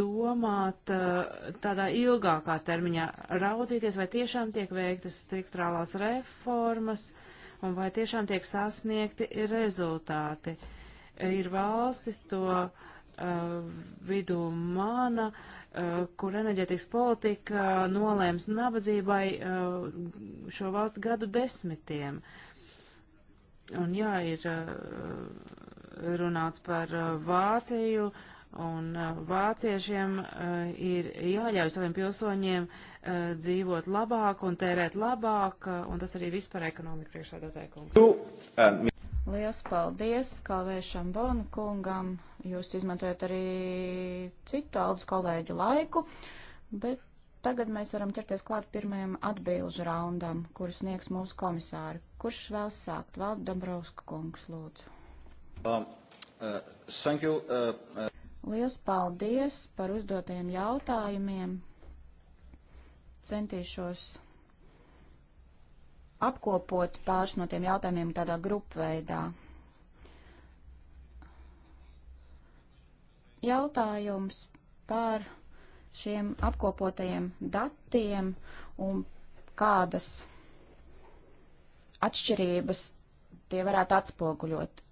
domāt eh, tādā ilgākā termiņā, raudzīties, vai tiešām tiek veiktas struktūrālās reformas un vai tiešām tiek sasniegti rezultāti. Ir valstis to uh, Uh, vidū mana, uh, kur enerģētikas politika nolēms nabadzībai uh, šo valstu gadu desmitiem. Un jā, ir runāts par Vāciju, un vāciešiem ir jāļauj saviem pilsoņiem dzīvot labāk un tērēt labāk, un tas arī vispār ekonomika priekšsādātāja kungs. Liels paldies Kalvēšam Bonu kungam. Jūs izmantojat arī citu albas kolēģu laiku, bet tagad mēs varam ķerties klāt pirmajam atbilžu raundam, kurus sniegs mūsu komisāri. Kurš vēl sākt? Valda Dombrovska kungs, lūdzu. Um, uh, thank you. Uh, uh. Liels paldies par uzdotajiem jautājumiem. Centīšos apkopot pāris no tiem jautājumiem tādā grupveidā. Jautājums par šiem apkopotajiem datiem un kādas atšķirības tie varētu atspoguļot.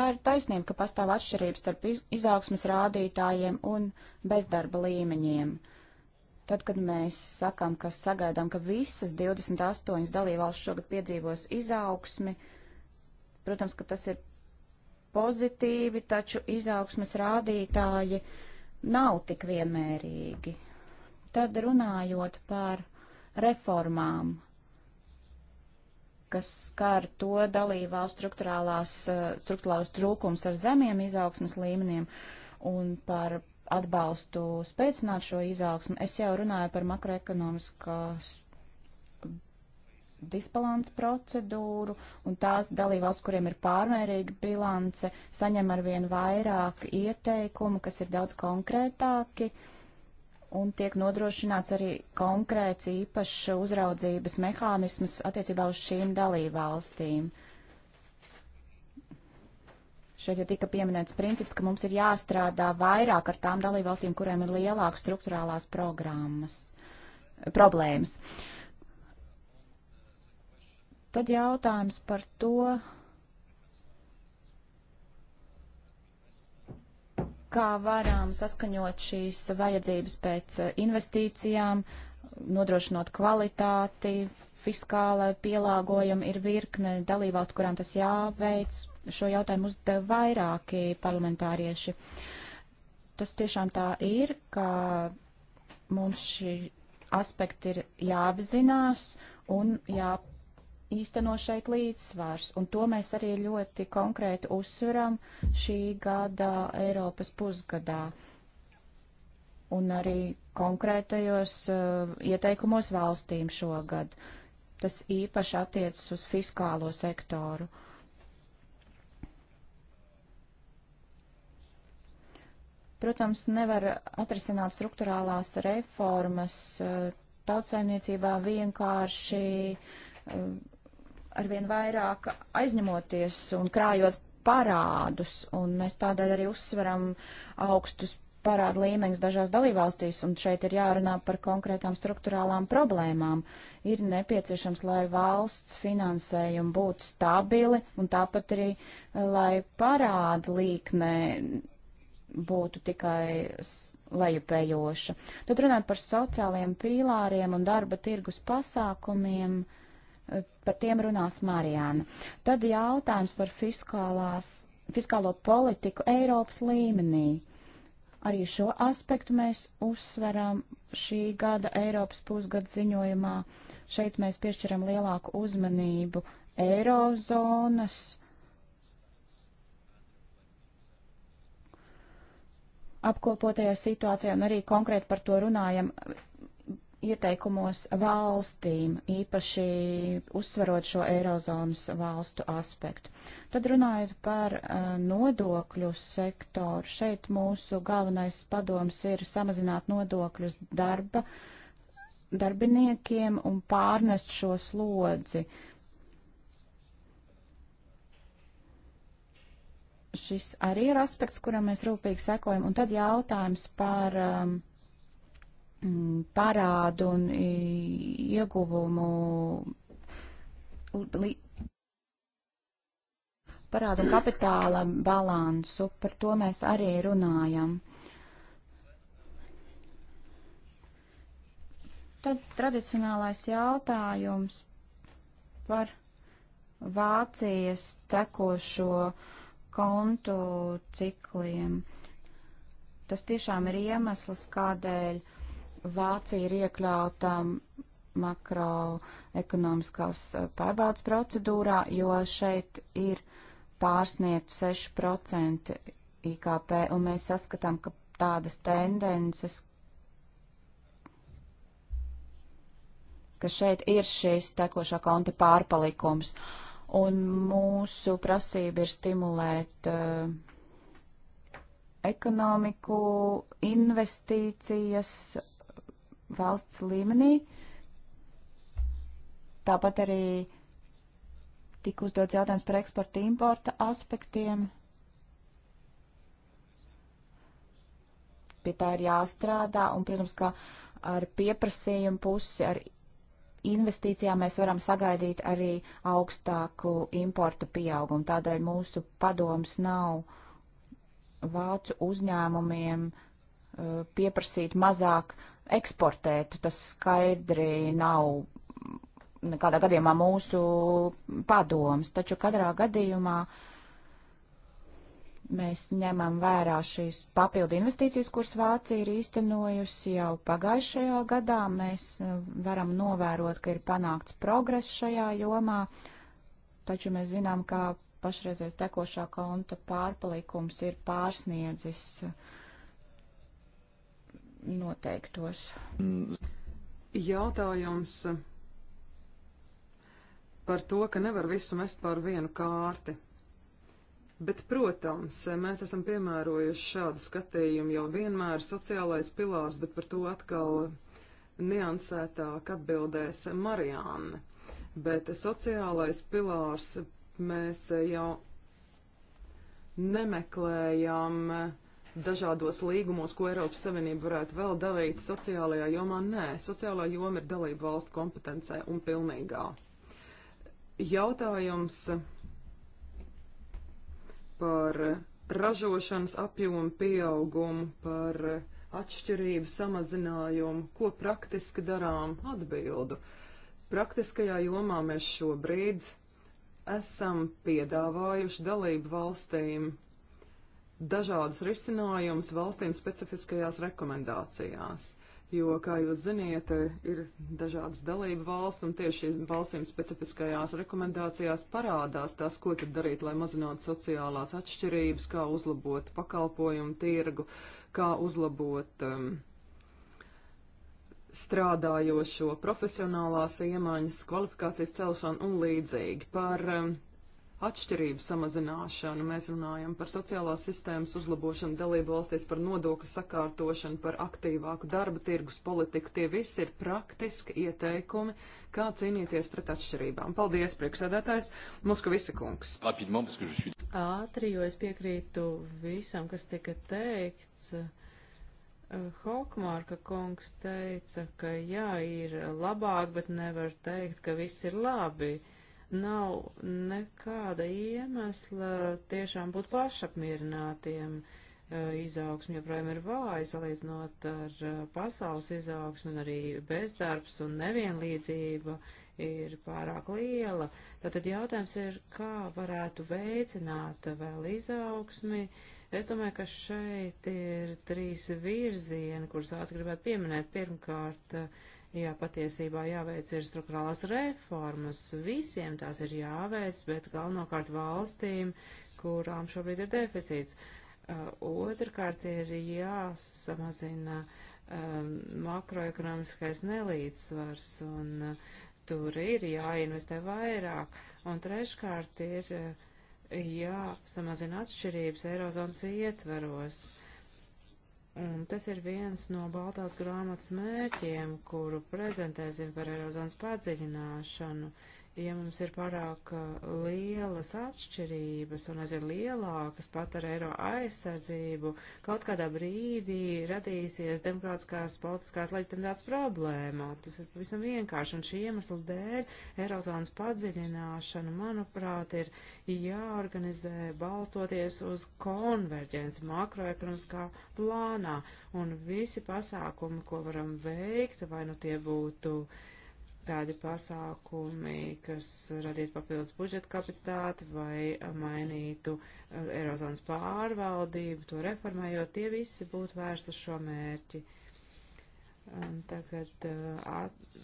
Tā ir taisnība, ka pastāv atšķirības starp izaugsmas rādītājiem un bezdarba līmeņiem. Uh, Tad, kad mēs sakām, ka sagaidām, ka visas 28 dalībvalsts šogad piedzīvos izaugsmi, protams, ka tas ir pozitīvi, taču izaugsmes rādītāji nav tik vienmērīgi. Tad runājot par reformām, kas skar to dalībvalstu struktūrālās, eh, struktūrālās trūkums ar zemiem izaugsmas līmeniem un par atbalstu spēcināt šo izaugsmu. Es jau runāju par makroekonomiskās disbalans procedūru, un tās dalībvalsts, kuriem ir pārmērīga bilance, saņem arvien vairāk ieteikumu, kas ir daudz konkrētāki, un tiek nodrošināts arī konkrēts īpašs uzraudzības mehānisms attiecībā uz šīm dalībvalstīm. valstīm Šeit jau tika pieminēts princips, ka mums ir jāstrādā vairāk ar tām dalībvalstīm, kuriem ir lielākas struktūrālās programmas, problēmas. Tad jautājums par to, kā varam saskaņot šīs vajadzības pēc investīcijām, nodrošinot kvalitāti, fiskāla pielāgojuma ir virkne dalībvalstu, kurām tas jāveic, šo jautājumu uzdeva vairāki parlamentārieši. Tas tiešām tā ir, ka mums šī aspekti ir jāapzinās un jāīsteno šeit līdzsvars. Un to mēs arī ļoti konkrēti uzsveram šī gada Eiropas pusgadā. Un arī konkrētajos uh, ieteikumos valstīm šogad. Tas īpaši attiecas uz fiskālo sektoru. Uh, Protams, nevar atrisināt struktūrālās reformas eh, tautsaimniecībā vienkārši eh, arvien vairāk aizņemoties un krājot parādus, un mēs tādēļ arī uzsveram augstus parāda līmenis dažās dalībvalstīs, un šeit ir jārunā par konkrētām struktūrālām problēmām. Ir nepieciešams, lai valsts finansējumi būtu stabili, un tāpat arī, eh, lai parāda līknē būtu tikai lejupējoša. Tad runājot par sociālajiem pīlāriem un darba tirgus pasākumiem, eh, par tiem runās Marijāna. Tad jautājums par fiskālās, fiskālo politiku Eiropas līmenī. Arī šo aspektu mēs uzsveram šī gada Eiropas pusgada ziņojumā. Šeit mēs piešķiram lielāku uzmanību Eirozonas apkopotajā situācijā un arī konkrēti par to runājam ieteikumos valstīm, īpaši uzsverot šo eirozonas valstu aspektu. Tad runājot par eh, nodokļu sektoru, šeit mūsu galvenais padoms ir samazināt nodokļus darba darbiniekiem un pārnest šo slodzi. Uh, šis arī ir aspekts, kuram mēs rūpīgi sekojam. Un tad jautājums par um, mm, parādu un ieguvumu. Li, parādu un kapitāla balansu, par to mēs arī runājam. Tad tradicionālais jautājums par Vācijas tekošo uh, kontu cikliem. Tas tiešām ir iemesls, kādēļ Vācija ir iekļauta makroekonomiskās eh, pārbaudas procedūrā, jo šeit ir pārsniegt 6% IKP, un mēs saskatām, ka tādas tendences, ka šeit ir šīs tekošā konta pārpalikums. Uh, Un mūsu prasība ir stimulēt uh, ekonomiku, investīcijas valsts līmenī. Tāpat arī tika uzdots jautājums par eksporta importa aspektiem. Pie tā ir jāstrādā, un, protams, kā ar pieprasījumu pusi, ar investīcijām mēs varam sagaidīt arī augstāku importu pieaugumu. Tādēļ mūsu padoms nav vācu uzņēmumiem eh, pieprasīt mazāk eksportēt. Tas skaidri nav nekādā gadījumā mūsu padoms, taču katrā gadījumā uh, Mēs ņemam vērā šīs papildu investīcijas, kuras Vācija ir īstenojusi jau pagājušajā gadā. Mēs uh, varam novērot, ka ir panākts progress šajā jomā, taču mēs zinām, ka pašreizējais tekošā konta pārpalikums ir pārsniedzis uh, noteiktos. Jautājums par to, ka nevar visu mest pār vienu kārti. Bet, protams, mēs esam piemērojuši šādu skatījumu jau vienmēr sociālais pilārs, bet par to atkal niansētāk atbildēs Marijāne. Bet sociālais pilārs mēs jau nemeklējam dažādos līgumos, ko Eiropas Savienība varētu vēl darīt sociālajā jomā. Nē, sociālā joma ir dalība valstu kompetencē un pilnīgā. Jautājums par ražošanas apjomu pieaugumu, par atšķirību samazinājumu, ko praktiski darām atbildu. Praktiskajā jomā mēs šobrīd esam piedāvājuši dalību valstīm dažādus risinājumus valstīm specifiskajās rekomendācijās jo, kā jūs ziniet, ir dažādas dalība valsts, un tieši valstīm specifiskajās rekomendācijās parādās tas, ko tad darīt, lai mazinātu sociālās atšķirības, kā uzlabot pakalpojumu tirgu, kā uzlabot um, strādājošo profesionālās iemaņas, kvalifikācijas celšanu un līdzīgi. Par um, atšķirību samazināšanu, mēs runājam par sociālās sistēmas uzlabošanu dalību valstīs, par nodokļu sakārtošanu, par aktīvāku darba tirgus politiku. Tie visi ir praktiski ieteikumi, kā cīnīties pret atšķirībām. Paldies, priekšsēdētājs Moskavisa kungs. Ātri, jo es piekrītu visam, kas tika teikts. Hokmārka kungs teica, ka jā, ir labāk, bet nevar teikt, ka viss ir labi. Uh, nav nekāda iemesla tiešām būt pašapmierinātiem. Izaugsme joprojām ir vāja, salīdzinot ar pasaules izaugsmi, un arī bezdarbs un nevienlīdzība ir pārāk liela. Tātad jautājums ir, kā varētu veicināt vēl izaugsmi. Es domāju, ka šeit ir trīs virzieni, kurus ātri gribētu pieminēt. Pirmkārt, uh, Jā, patiesībā jāveic ir struktūrālās reformas, visiem tās ir jāveic, bet galvenokārt valstīm, kurām šobrīd ir deficīts. Uh, Otrakārt ir jāsamazina um, makroekonomiskais nelīdzsvars, un uh, tur ir jāinvestē vairāk. Un treškārt ir uh, jāsamazina atšķirības Eirozonas ietveros. Uh, Un tas ir viens no Baltās grāmatas mērķiem, kuru prezentēsim par Eirozonas padziļināšanu. Uh, ja mums ir pārāk uh, lielas atšķirības un aizvien lielākas pat ar eiro aizsardzību, kaut kādā brīdī radīsies demokrātiskās politiskās leģitimitātes problēma. Tas ir visam vienkārši, un šī iemesla dēļ eirozonas padziļināšana, manuprāt, ir jāorganizē balstoties uz konverģenci makroekonomiskā plānā, un visi pasākumi, ko varam veikt, vai nu tie būtu uh, tādi pasākumi, kas radītu papildus budžeta kapacitāti vai mainītu uh, Eirozonas pārvaldību, to reformējot, tie visi būtu vērsti uz šo mērķi. Tagad uh, uh,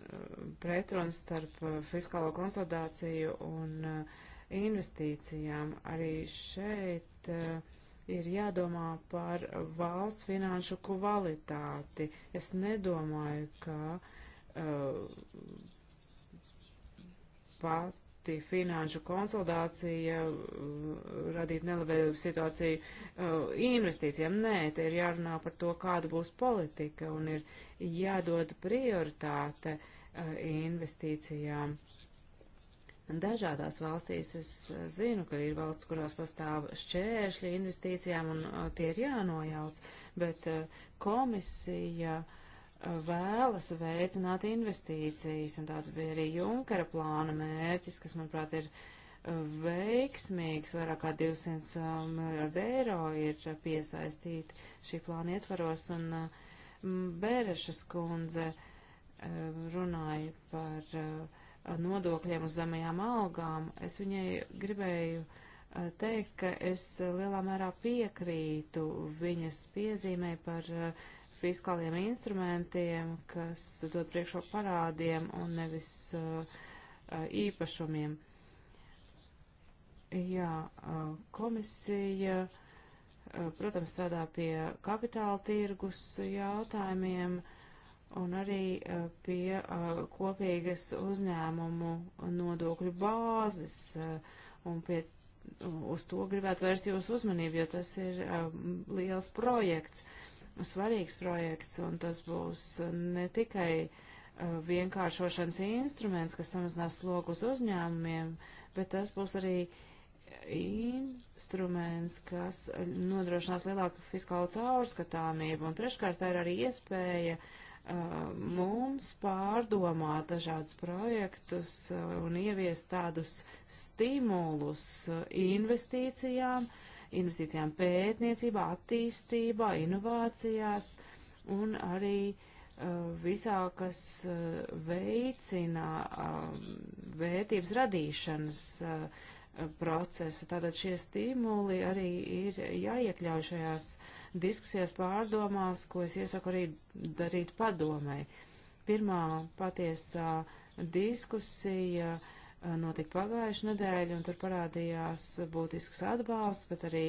pretruns starp fiskālo konsolidāciju un investīcijām arī šeit ir jādomā par valsts finanšu kvalitāti. Es nedomāju, ka uh, Uh, pati finanšu konsolidācija uh, radītu nelabvēlīgu situāciju uh, investīcijām. Nē, te ir jārunā par to, kāda būs politika un ir jādod prioritāte investīcijām. Dažādās valstīs es zinu, ka ir valsts, kurās pastāv šķēršļi investīcijām un tie ir jānojauc, bet komisija uh, vēlas veicināt investīcijas, un tāds bija arī Junkera plāna mērķis, kas, manuprāt, ir uh, veiksmīgs, vairāk kā 200 uh, miljardu eiro ir piesaistīti šī plāna ietvaros, un uh, Bērešas kundze runāja par nodokļiem uz zemajām algām. Es viņai gribēju teikt, ka es lielā mērā piekrītu viņas piezīmē par uh, fiskāliem instrumentiem, kas dod priekšroku parādiem un nevis uh, uh, īpašumiem. Jā, uh, komisija, uh, protams, strādā pie kapitāla tirgus jautājumiem un arī uh, pie uh, kopīgas uzņēmumu nodokļu bāzes un pie uz to gribētu vērst jūsu uzmanību, jo tas ir um, liels projekts svarīgs projekts, un tas būs ne tikai uh, vienkāršošanas instruments, kas samazinās slogu uz uzņēmumiem, bet tas būs arī instruments, kas nodrošinās lielāku fiskālu caurskatāmību, un treškārt tā ir arī iespēja uh, mums pārdomāt dažādus projektus uh, un ieviest tādus stimulus uh, investīcijām, uh, investīcijām pētniecībā, attīstībā, inovācijās un arī uh, visā, kas uh, veicina um, vērtības radīšanas uh, procesu. Tātad šie stimuli arī ir jāiekļauj šajās diskusijās, pārdomās, ko es iesaku arī darīt padomai. Pirmā patiesā diskusija uh, Eh, notika pagājušajā nedēļā, un tur parādījās būtisks atbalsts, bet arī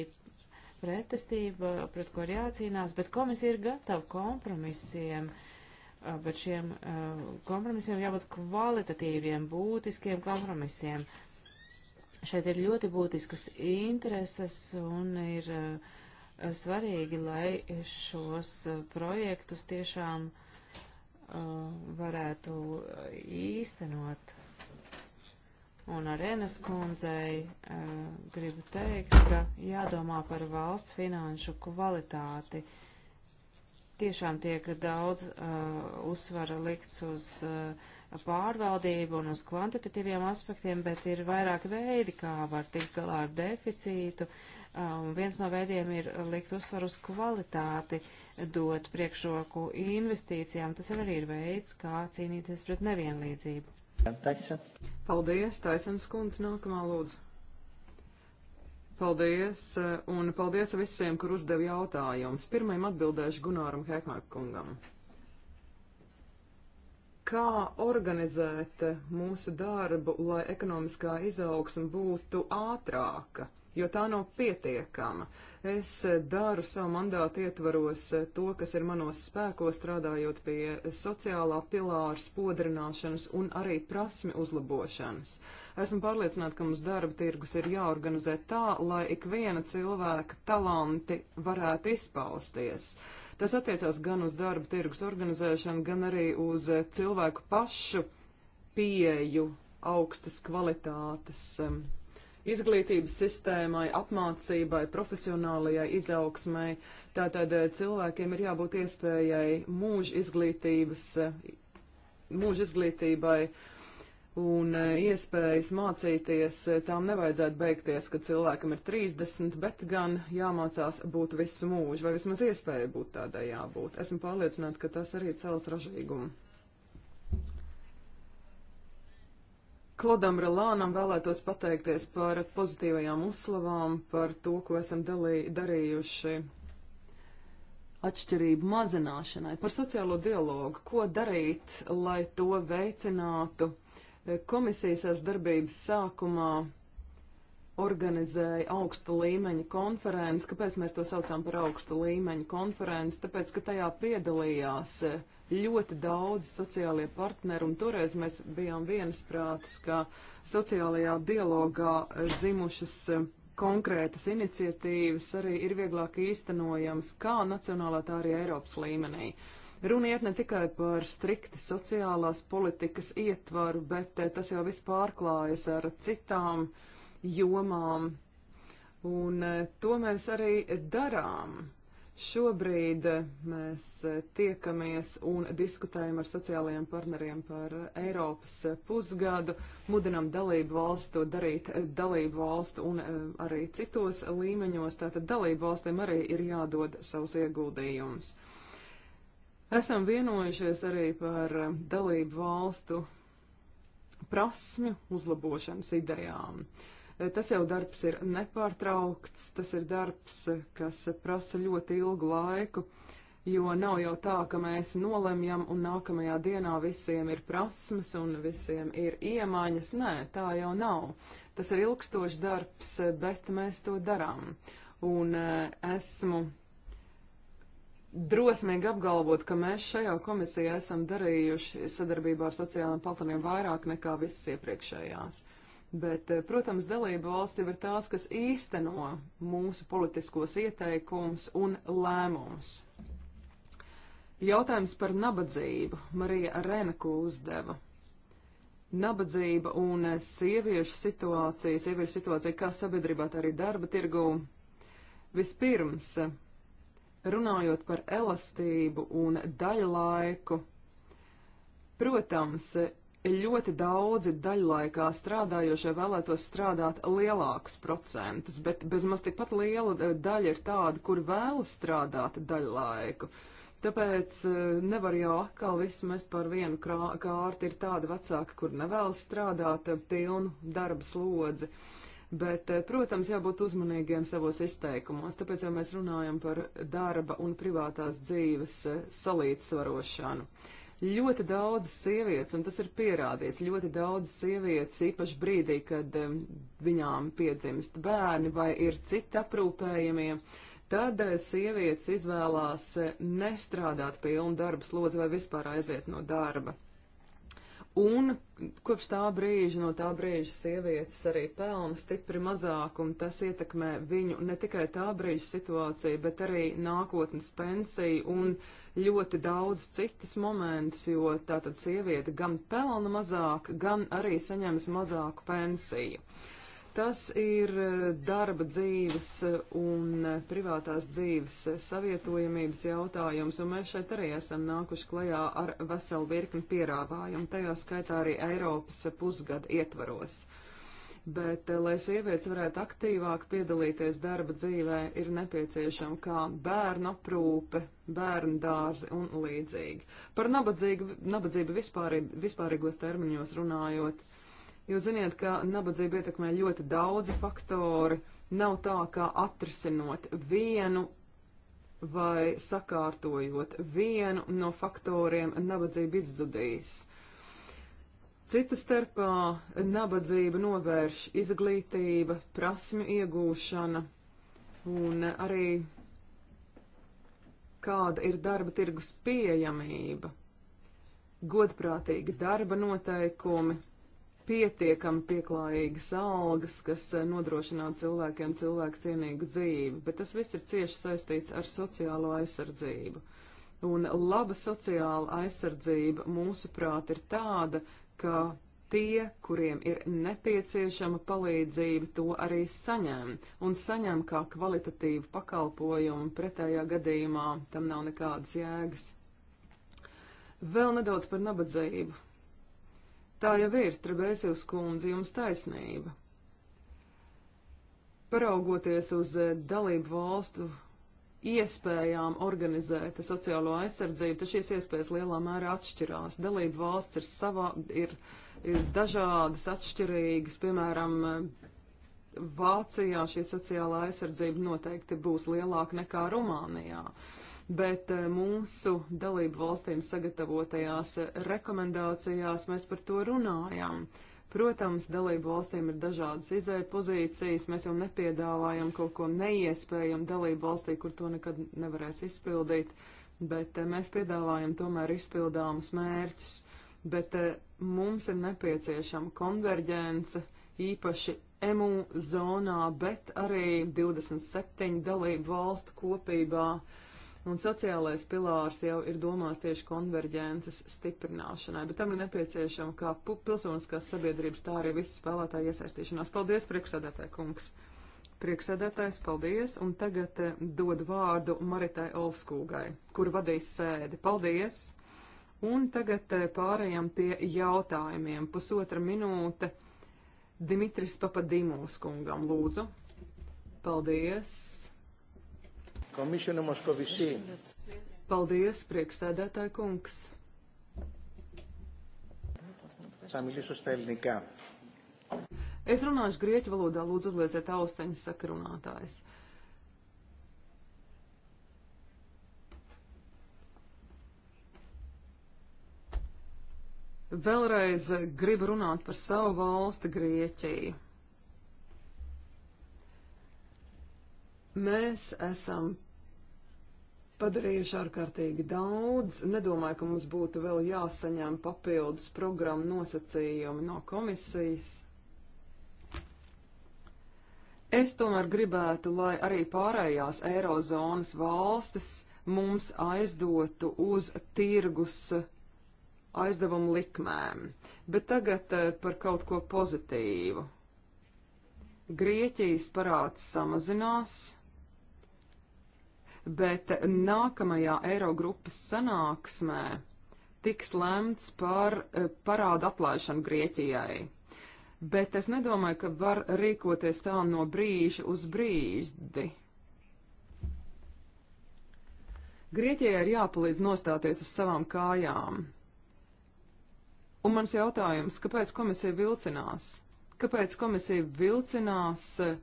pretestība, pret ko ir jācīnās, bet komisija ir gatava kompromisiem, eh, bet šiem eh, kompromisiem jābūt kvalitatīviem, būtiskiem kompromisiem. Šeit ir ļoti būtiskas intereses un ir svarīgi, lai šos projektus tiešām varētu īstenot Un ar Enes kundzei uh, gribu teikt, ka jādomā par valsts finanšu kvalitāti. Tiešām tiek daudz uh, uzsvara likts uz uh, pārvaldību un uz kvantitatīviem aspektiem, bet ir vairāk veidi, kā var tikt galā ar deficītu. Un um, viens no veidiem ir likt uzsvaru uz kvalitāti, dot priekšroku investīcijām. Tas ir arī ir veids, kā cīnīties pret nevienlīdzību. Paldies, Taisens kundze, nākamā lūdzu. Paldies, eh, un paldies visiem, kur uzdev jautājumus. Pirmajam atbildēšu Gunāram Hekmāk kungam. Kā organizēt eh, mūsu darbu, lai ekonomiskā izaugsme būtu ātrāka? jo tā nav pietiekama. Es daru savu mandātu ietvaros to, kas ir manos spēkos, strādājot pie sociālā pilāra spodrināšanas un arī prasmi uzlabošanas. Esmu pārliecināta, ka mums darba tirgus ir jāorganizē tā, lai ikviena cilvēka talanti varētu izpausties. Tas attiecās gan uz darba tirgus organizēšanu, gan arī uz cilvēku pašu pieju augstas kvalitātes um, izglītības sistēmai, apmācībai, profesionālajai izaugsmai. Tātad eh, cilvēkiem ir jābūt iespējai mūža izglītības, eh, mūža izglītībai un eh, iespējas mācīties. Tām nevajadzētu beigties, kad cilvēkam ir 30, bet gan jāmācās būt visu mūžu, vai vismaz iespēja būt tādai jābūt. Esmu pārliecināta, ka tas arī cels ražīgumu. Klodam Relānam vēlētos pateikties par pozitīvajām uzslavām, par to, ko esam dalī, darījuši atšķirību mazināšanai, par sociālo dialogu, ko darīt, lai to veicinātu. Komisijas ar darbības sākumā organizēja augsta līmeņa konferenci. Kāpēc mēs to saucam par augsta līmeņa konferenci? Tāpēc, ka tajā piedalījās ļoti daudz sociālie partneri, un toreiz mēs bijām viensprātis, ka sociālajā dialogā eh, dzimušas eh, konkrētas iniciatīvas arī ir vieglāk īstenojams kā nacionālā, tā arī Eiropas līmenī. Runa iet ne tikai par strikti sociālās politikas ietvaru, bet eh, tas jau viss pārklājas ar citām jomām, un to mēs arī darām. Šobrīd eh, mēs eh, tiekamies un diskutējam ar sociālajiem partneriem par eh, Eiropas pusgadu, mudinam dalību valstu to darīt dalību valstu un arī citos līmeņos, tātad dalību valstīm arī ir jādod savus ieguldījumus. Esam vienojušies arī par dalību valstu prasmju uzlabošanas idejām. Uh, Tas jau darbs ir nepārtraukts, tas ir darbs, kas prasa ļoti ilgu laiku, jo nav jau tā, ka mēs nolemjam un nākamajā dienā visiem ir prasmes un visiem ir iemaņas. Nē, tā jau nav. Tas ir ilgstošs darbs, bet mēs to darām. Un eh, esmu drosmīgi apgalvot, ka mēs šajā komisijā esam darījuši sadarbībā ar sociālajiem partneriem vairāk nekā visas iepriekšējās. Bet, eh, protams, dalību valsts jau ir tās, kas īsteno mūsu politiskos ieteikumus un lēmumus. Jautājums par nabadzību Marija Renaku uzdeva. Nabadzība un eh, sieviešu situācija, sieviešu situācija kā sabiedrībā, tā arī darba tirgū. Vispirms, runājot par elastību un daļlaiku, protams, ļoti daudzi daļlaikā strādājošie vēlētos strādāt lielākus procentus, bet bezmaz tikpat liela e, daļa ir tāda, kur vēlas strādāt daļlaiku. Tāpēc e, nevar jau atkal visu mest par vienu kārtu. Ir tāda vecāka, kur nevēlas strādāt e, pilnu darba slodzi. Bet, protams, jābūt uzmanīgiem savos izteikumos, tāpēc jau mēs runājam par darba un privātās dzīves salīdzsvarošanu. Uh, Ļoti daudz sievietes, un tas ir pierādīts, ļoti daudz sievietes, īpaši brīdī, kad viņām piedzimst bērni vai ir citi aprūpējamie, tad eh, sievietes izvēlās eh, nestrādāt pilnu darba slodzi vai vispār aiziet no darba. Un kopš tā brīža, no tā brīža sievietes arī pelna stipri mazāk, un tas ietekmē viņu ne tikai tā brīža situāciju, bet arī nākotnes pensiju un ļoti daudz citus momentus, jo tātad sieviete gan pelna mazāk, gan arī saņems mazāku pensiju. Uh, Tas ir eh, darba dzīves eh, un eh, privātās dzīves savietojamības jautājums, un mēs šeit arī esam nākuši klajā ar veselu virkni pierāvājumu, tajā skaitā arī Eiropas pusgada ietvaros. Bet, lai sievietes varētu aktīvāk piedalīties darba dzīvē, ir nepieciešama kā bērnu aprūpe, bērnu dārzi un līdzīgi. Par nabadzību, nabadzību vispār, vispārīgos termiņos runājot Jūs ziniet, ka nabadzība ietekmē ļoti daudzi faktori. Nav tā, kā atrisinot vienu vai sakārtojot vienu no faktoriem, nabadzība izzudīs. Citu starpā nabadzību novērš izglītība, prasmju iegūšana un arī kāda ir darba tirgus pieejamība, godprātīga darba noteikumi, pietiekami pieklājīgas algas, kas eh, nodrošinātu cilvēkiem cilvēku cienīgu dzīvi, bet tas viss ir cieši saistīts ar sociālo aizsardzību. Un laba sociāla aizsardzība, mūsuprāt, ir tāda, ka tie, kuriem ir nepieciešama palīdzība, to arī saņem, un saņem kā kvalitatīvu pakalpojumu, pretējā gadījumā tam nav nekādas jēgas. Vēl nedaudz par nabadzību. Tā jau ir, Trebēsevs kundze, jums taisnība. Paraugoties uz eh, dalību valstu iespējām organizēt sociālo aizsardzību, tad šīs iespējas lielā mērā atšķirās. Dalību valsts ir, savā, ir, ir dažādas, atšķirīgas. Piemēram, eh, Vācijā šī sociālā aizsardzība noteikti būs lielāka nekā Rumānijā. Uh, bet eh, mūsu dalību valstīm sagatavotajās rekomendācijās mēs par to runājam. Protams, dalību valstīm ir dažādas izēja pozīcijas, mēs jau nepiedāvājam kaut ko neiespējamu dalību valstī, kur to nekad nevarēs izpildīt, bet eh, mēs piedāvājam tomēr izpildāmus mērķus. Bet eh, mums ir nepieciešama konverģence, īpaši EMU zonā, bet arī 27 dalību valstu kopībā. Uh, un sociālais pilārs jau ir domās tieši konverģences stiprināšanai, bet tam ir nepieciešama kā pilsoniskās sabiedrības, tā arī visu spēlētāju iesaistīšanās. Paldies, priekšsēdētāji kungs! Priekšsēdētājs, paldies, un tagad eh, dod vārdu Maritai Olskūgai, kur vadīs sēdi. Paldies! Un tagad eh, pārējām pie jautājumiem. Pusotra minūte Dimitris Papadimovs kungam, lūdzu. Paldies! Komisija Moskovisī. Paldies, priekšsēdētāji kungs. Es runāšu grieķu valodā, lūdzu uzlieciet austiņas sakarunātājs. Vēlreiz gribu runāt par savu valsti Grieķiju. Mēs esam padarījuši ārkārtīgi daudz. Nedomāju, ka mums būtu vēl jāsaņem papildus programmu nosacījumi no komisijas. Es tomēr gribētu, lai arī pārējās Eirozonas valstis mums aizdotu uz tirgus aizdevumu likmēm. Bet tagad eh, par kaut ko pozitīvu. Grieķijas parāds samazinās bet nākamajā Eirogrupas sanāksmē tiks lemts par eh, parādu atlaišanu Grieķijai. Bet es nedomāju, ka var rīkoties tā no brīža uz brīdi. Grieķijai ir jāpalīdz nostāties uz savām kājām. Un mans jautājums, kāpēc komisija vilcinās? Kāpēc komisija vilcinās eh,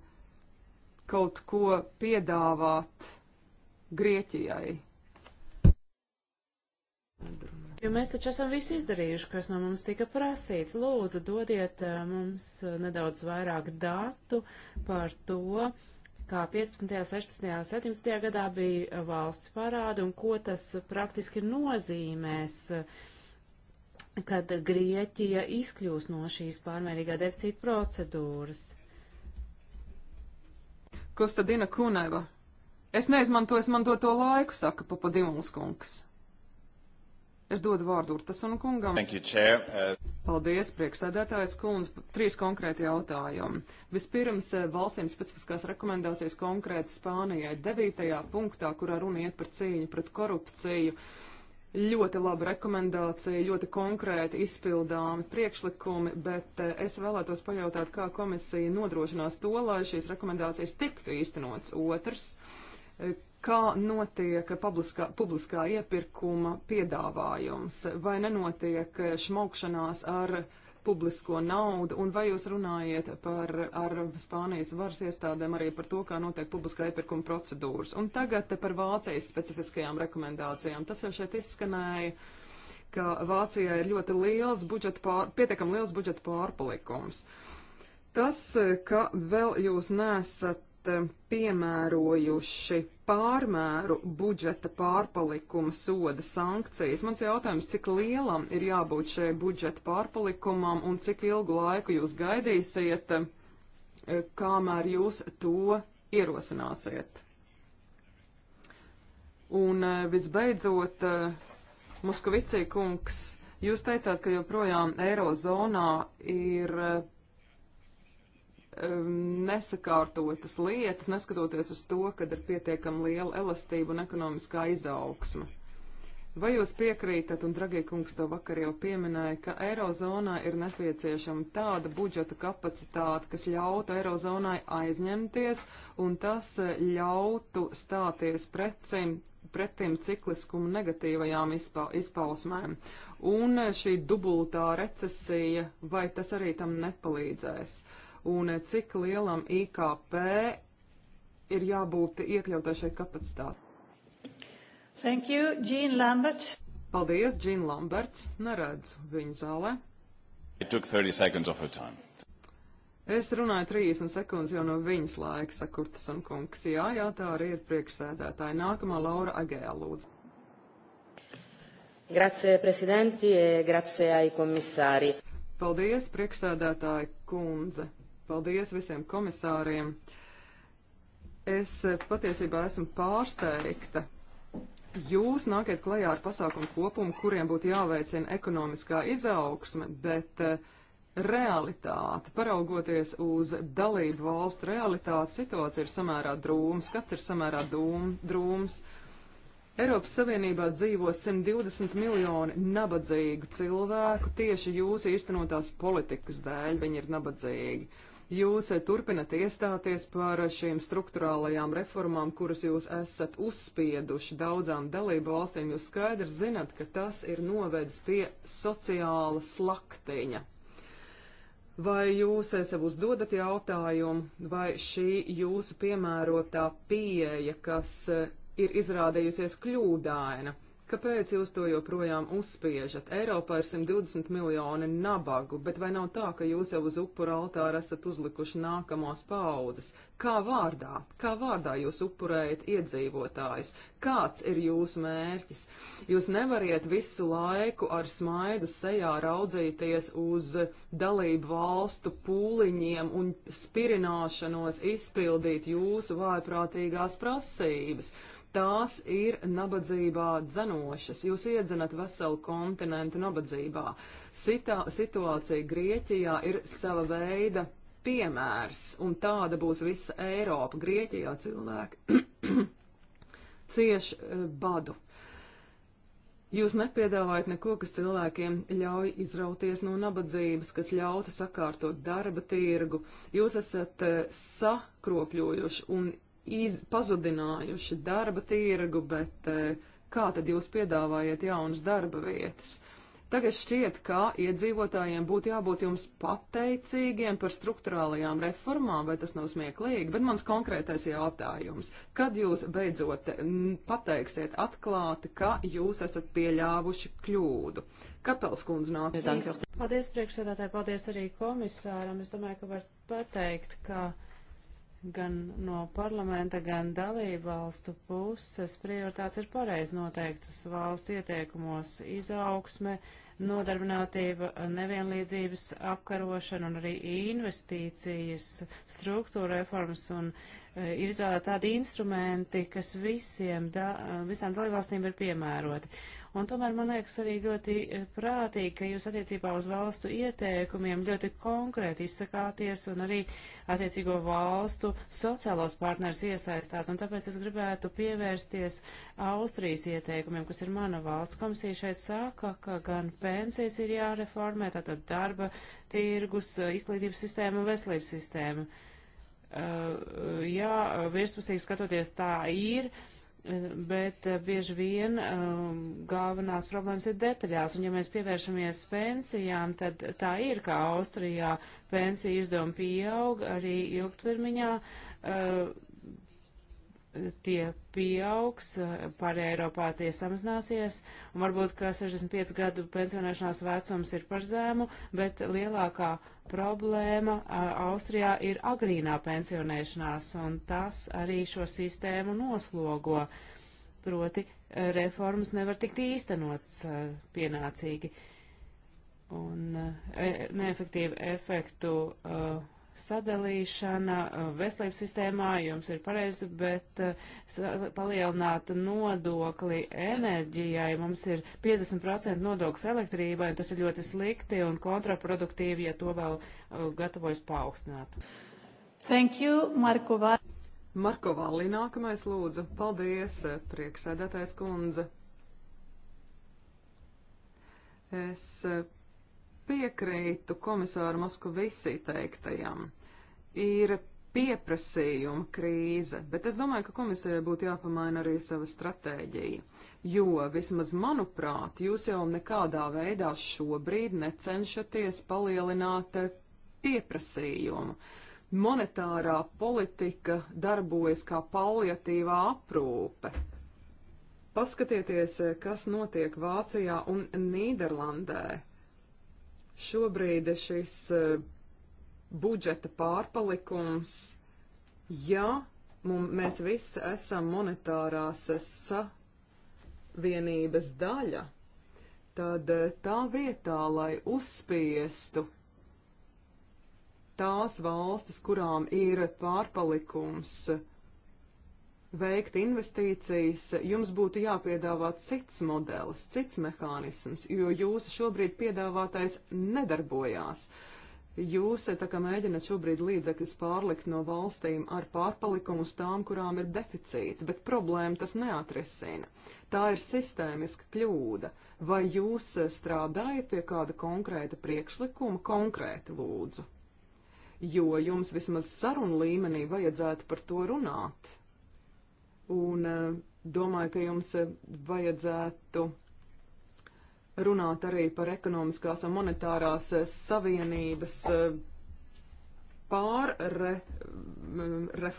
kaut ko piedāvāt Grieķijai. Jo mēs taču esam visu izdarījuši, kas no mums tika prasīts. Lūdzu, dodiet eh, mums eh, nedaudz vairāk datu par to, kā 15., 16., 17. gadā bija eh, valsts parāda un ko tas praktiski nozīmēs, kad Grieķija izkļūs no šīs pārmērīgā deficīta procedūras. Kostadina Kuneva Es neizmantoju, es man dotu to laiku, saka Papadimuls kungs. Es dodu vārdu Urtasunu kungam. Thank you, chair. Uh... Paldies, priekšsēdētājs kundz. Trīs konkrēti jautājumi. Vispirms eh, valstīm specifiskās rekomendācijas konkrēti Spānijai. Devītajā punktā, kurā runa iet par cīņu pret korupciju, ļoti laba rekomendācija, ļoti konkrēti izpildāmi priekšlikumi, bet eh, es vēlētos pajautāt, kā komisija nodrošinās to, lai šīs rekomendācijas tiktu īstenots. Otrs. Uh, kā notiek publiskā, publiskā iepirkuma piedāvājums, vai nenotiek šmaukšanās ar publisko naudu, un vai jūs runājat par, ar Spānijas varas iestādēm arī par to, kā notiek publiskā iepirkuma procedūras. Un tagad par Vācijas specifiskajām rekomendācijām. Tas jau šeit izskanēja ka Vācijā ir ļoti liels budžeta pār, pietiekam liels budžeta pārpalikums. Tas, ka vēl jūs nesat Eh, piemērojuši pārmēru budžeta pārpalikuma soda sankcijas. Mans jautājums, cik lielam ir jābūt šai budžeta pārpalikumam un cik ilgu laiku jūs gaidīsiet, eh, kamēr jūs to ierosināsiet? Un eh, visbeidzot, Muskovicī kungs, jūs teicāt, ka joprojām Eirozonā ir Um, nesakārtotas lietas, neskatoties uz to, kad ir pietiekami liela elastība un ekonomiskā izaugsma. Vai jūs piekrītat, un Dragie kungs to vakar jau pieminēja, ka Eirozonā ir nepieciešama tāda budžeta kapacitāte, kas ļautu Eirozonai aizņemties, un tas eh, ļautu stāties precim, pretim cikliskumu negatīvajām izpa, izpausmēm. Un eh, šī dubultā recesija, vai tas arī tam nepalīdzēs? Uh, un cik lielam IKP ir jābūt iekļautai šai kapacitātei. Thank you, Jean Lambert. Paldies, Jean Lambert. Neredzu viņu zālē. It took 30 seconds of her time. Es runāju 30 sekundes jau no viņas laika, saka Urtasan kungs. Jā, jā, tā arī ir priekšsēdētāja. Nākamā Laura Agēla lūdzu. Grazie, prezidenti, e grazie ai komisāri. Paldies, priekšsēdētāja kundze. Paldies visiem komisāriem. Es eh, patiesībā esmu pārsteigta. Jūs nākat klajā ar pasākumu kopumu, kuriem būtu jāveicina ekonomiskā izaugsme, bet eh, realitāte, paraugoties uz dalību valstu realitāti, situācija ir samērā drūma, skats ir samērā dūm, drūms. Eiropas Savienībā dzīvo 120 miljoni nabadzīgu cilvēku tieši jūsu īstenotās politikas dēļ. Viņi ir nabadzīgi. Jūs turpinat iestāties par šīm struktūrālajām reformām, kuras jūs esat uzspieduši daudzām dalību valstīm. Jūs skaidri zinat, ka tas ir novedis pie sociāla slaktiņa. Vai jūs sev uzdodat jautājumu, vai šī jūsu piemērotā pieeja, kas ir izrādījusies kļūdaina, Kāpēc jūs to joprojām uzspiežat? Eiropā ir 120 miljoni nabagu, bet vai nav tā, ka jūs jau uz upura altāra esat uzlikuši nākamās paudzes? Kā vārdā? Kā vārdā jūs upurējat iedzīvotājus? Kāds ir jūsu mērķis? Jūs nevariet visu laiku ar smaidu sejā raudzīties uz dalību valstu pūliņiem un spirināšanos izpildīt jūsu vājprātīgās prasības. Tās ir nabadzībā dzenošas. Jūs iedzenat veselu kontinentu nabadzībā. Sitā, situācija Grieķijā ir sava veida piemērs, un tāda būs visa Eiropa. Grieķijā cilvēki cieš e, badu. Jūs nepiedāvājat neko, kas cilvēkiem ļauj izrauties no nabadzības, kas ļautu sakārtot darba tirgu. Jūs esat e, sakropļojuši un iz, pazudinājuši darba tirgu, bet eh, kā tad jūs piedāvājat jaunas darba vietas? Tagad šķiet, ka iedzīvotājiem būtu jābūt jums pateicīgiem par struktūrālajām reformām, vai tas nav smieklīgi, bet mans konkrētais jautājums. Kad jūs beidzot pateiksiet atklāti, ka jūs esat pieļāvuši kļūdu? Kapels kundze nāk. Paldies priekšsēdētāji, paldies arī komisāram. Es domāju, ka var pateikt, ka. Uh, gan no parlamenta, gan dalību valstu puses prioritāts ir pareizi noteiktas valstu ieteikumos - izaugsme, nodarbinātība, nevienlīdzības apkarošana un arī investīcijas, struktūra reformas un uh, ir izvēlēti tādi instrumenti, kas visiem, da, e, visām dalībvalstīm ir piemēroti. Un tomēr man liekas arī ļoti eh, prātīgi, ka jūs attiecībā uz valstu ieteikumiem ļoti konkrēti izsakāties un arī attiecīgo valstu sociālos partners iesaistāt. Un tāpēc es gribētu pievērsties Austrijas ieteikumiem, kas ir mana valsts komisija. Šeit saka, ka gan pensijas ir jāreformē, tātad darba tirgus, eh, izglītības sistēma un veselības sistēma. Uh, jā, virspusīgi skatoties tā ir. Uh, bet eh, bieži vien um, galvenās problēmas ir detaļās, un ja mēs pievēršamies pensijām, tad tā ir, kā Austrijā pensija izdevumi pieaug arī ilgtvermiņā. Uh, eh, tie pieaugs, pārējā Eiropā tie samazināsies, un varbūt, ka 65 gadu pensionēšanās vecums ir par zēmu, bet lielākā problēma Austrijā ir agrīnā pensionēšanās, un tas arī šo sistēmu noslogo. Proti, reformas nevar tikt īstenots pienācīgi. Un e, neefektīvu efektu uh, sadalīšana uh, veselības sistēmā, jums ir pareizi, bet uh, palielināt nodokli enerģijai, mums ir 50% nodoklis elektrībai, un tas ir ļoti slikti un kontraproduktīvi, ja to vēl uh, gatavojas paaugstināt. Thank you, Marko Vārds. Marko Vallī nākamais lūdzu. Paldies, eh, prieksēdētais kundze. Es eh, piekrītu komisāru Moskavisī teiktajam. Ir pieprasījuma krīze, bet es domāju, ka komisijai būtu jāpamaina arī sava stratēģija, jo vismaz manuprāt, jūs jau nekādā veidā šobrīd necenšaties palielināt eh, pieprasījumu. Monetārā politika darbojas kā paliatīvā aprūpe. Paskatieties, eh, kas notiek Vācijā un Nīderlandē. Šobrīd šis eh, budžeta pārpalikums, ja mums, mēs visi esam monetārās savienības daļa, tad eh, tā vietā, lai uzspiestu tās valstis, kurām ir pārpalikums, veikt investīcijas, jums būtu jāpiedāvā cits modelis, cits mehānisms, jo jūsu šobrīd piedāvātais nedarbojās. Jūs eh, tā kā mēģināt šobrīd līdzekļus pārlikt no valstīm ar pārpalikumu uz tām, kurām ir deficīts, bet problēma tas neatrisina. Tā ir sistēmiska kļūda. Vai jūs eh, strādājat pie kāda konkrēta priekšlikuma konkrēti lūdzu? Jo jums vismaz sarunu līmenī vajadzētu par to runāt un eh, domāju, ka jums eh, vajadzētu runāt arī par ekonomiskās un monetārās eh, savienības pārreformēšanu. Mm, Re,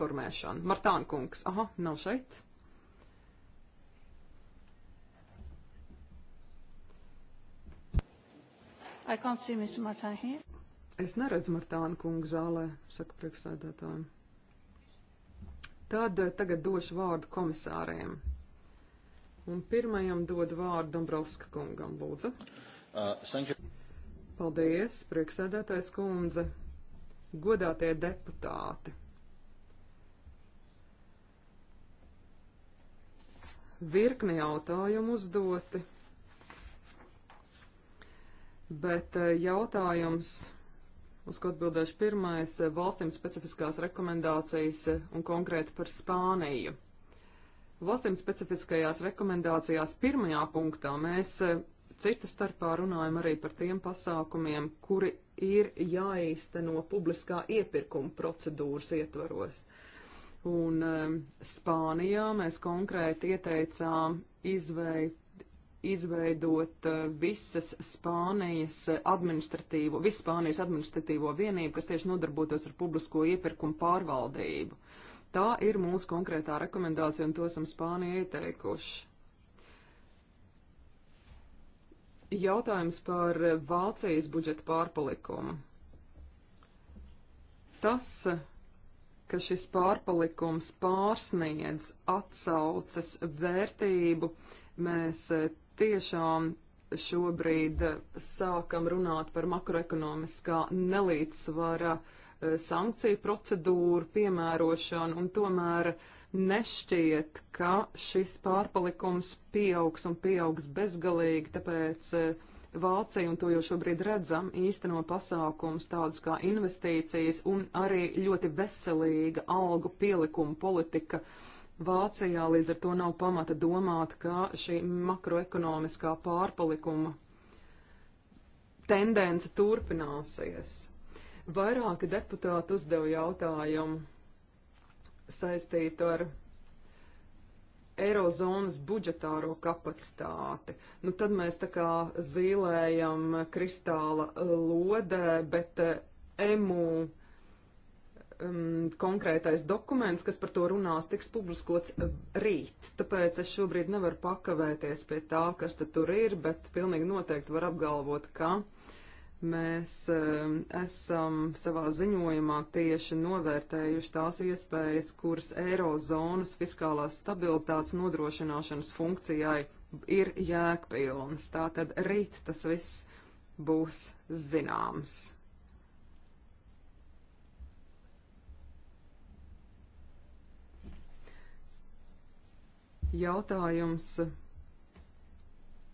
Martāna kungs, aha, nav šeit. I can't see Mr. Martin here. Es neredzu Martānu kungu zālē, saka priekšsēdētājiem. Tad eh, tagad došu vārdu komisāriem. Un pirmajam dod vārdu Dombrovska kungam, lūdzu. Uh, Paldies, prieksēdētais kundze, godātie deputāti. virkni jautājumu uzdoti, bet eh, jautājums uz ko atbildēšu pirmais eh, - valstīm specifiskās rekomendācijas eh, un konkrēti par Spāniju. Valstīm specifiskajās rekomendācijās pirmajā punktā mēs eh, citu starpā runājam arī par tiem pasākumiem, kuri ir jāīsteno publiskā iepirkuma procedūras ietvaros. Un Spānijā mēs konkrēti ieteicām izveidu izveidot eh, visas Spānijas administratīvo, visu Spānijas administratīvo vienību, kas tieši nodarbotos ar publisko iepirkumu pārvaldību. Tā ir mūsu konkrētā rekomendācija, un to esam Spānijai ieteikuši. Jautājums par Vācijas budžeta pārpalikumu. Tas, ka šis pārpalikums pārsniedz atsauces vērtību, mēs eh, tiešām šobrīd eh, sākam runāt par makroekonomiskā nelīdzsvara eh, sankciju procedūru piemērošanu, un tomēr nešķiet, ka šis pārpalikums pieaugs un pieaugs bezgalīgi, tāpēc eh, Vācija, un to jau šobrīd redzam, īsteno pasākums tādus kā investīcijas un arī ļoti veselīga algu pielikuma politika, uh, Vācijā līdz ar to nav pamata domāt, ka šī makroekonomiskā pārpalikuma tendence turpināsies. Vairāki deputāti uzdeva jautājumu saistītu ar Eirozonas budžetāro kapacitāti. Nu, tad mēs tā kā zīlējam kristāla lodē, bet eh, emu um, konkrētais dokuments, kas par to runās, tiks publiskots uh, rīt. Tāpēc es šobrīd nevaru pakavēties pie tā, kas tad tur ir, bet pilnīgi noteikti var apgalvot, ka mēs um, esam savā ziņojumā tieši novērtējuši tās iespējas, kuras Eirozonas fiskālās stabilitātes nodrošināšanas funkcijai ir jēgpilnas. Tātad rīt tas viss būs zināms. Jautājums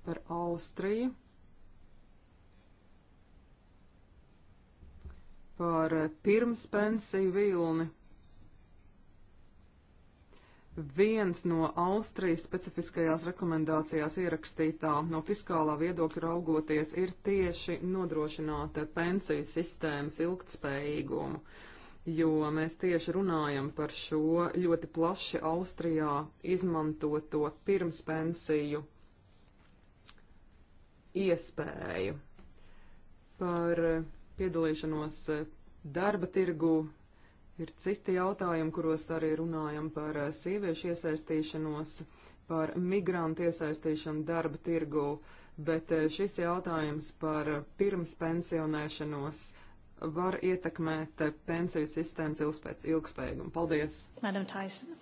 par Austriju, par pirmspensiju vilni. Viens no Austrijas specifiskajās rekomendācijās ierakstītā no fiskālā viedokļa raugoties ir tieši nodrošināt pensiju sistēmas ilgtspējīgumu. Uh, jo mēs tieši runājam par šo ļoti plaši Austrijā izmantoto pirmspensiju iespēju par piedalīšanos darba tirgu. Ir citi jautājumi, kuros arī runājam par sieviešu iesaistīšanos, par migrantu iesaistīšanu darba tirgu, bet šis jautājums par pirmspensionēšanos pensionēšanos var ietekmēt pensiju sistēmas ilgspējīgumu. Paldies! Madam Tyson.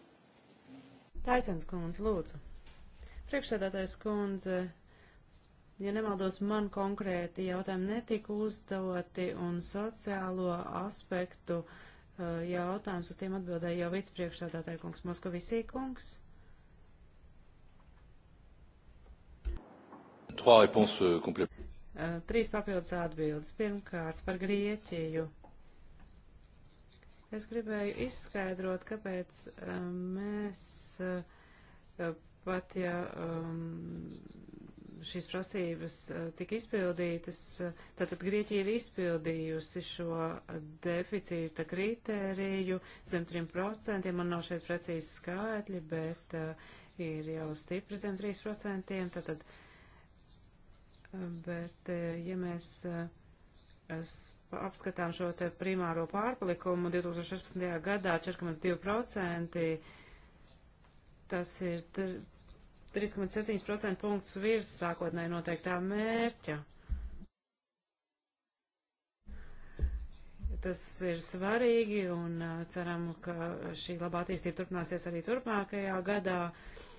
Taisens kundze, lūdzu. Priekšsēdētājs kundze, ja nemaldos, man konkrēti jautājumi netika uzdoti un sociālo aspektu uh, jautājums uz tiem atbildēja jau vicepriekšsēdētāja kungs Moskavisī kungs. Trois réponses euh, complètes. Eh, trīs papildus atbildes. Pirmkārt, par Grieķiju. Es gribēju izskaidrot, kāpēc eh, mēs eh, pat, ja um, šīs prasības tika izpildītas, tātad Grieķija ir izpildījusi šo deficīta kritēriju zem 3%, man nav šeit precīzi skaitļi, bet ir jau stipri zem 3%, tātad. Uh, Bet, eh, ja mēs eh, apskatām šo te primāro pārpalikumu 2016. gadā 4,2%, tas ir 3,7% punktus virs sākotnēji noteiktā mērķa. Tas ir svarīgi un eh, ceram, ka šī labā attīstība turpināsies arī turpmākajā gadā. Uh,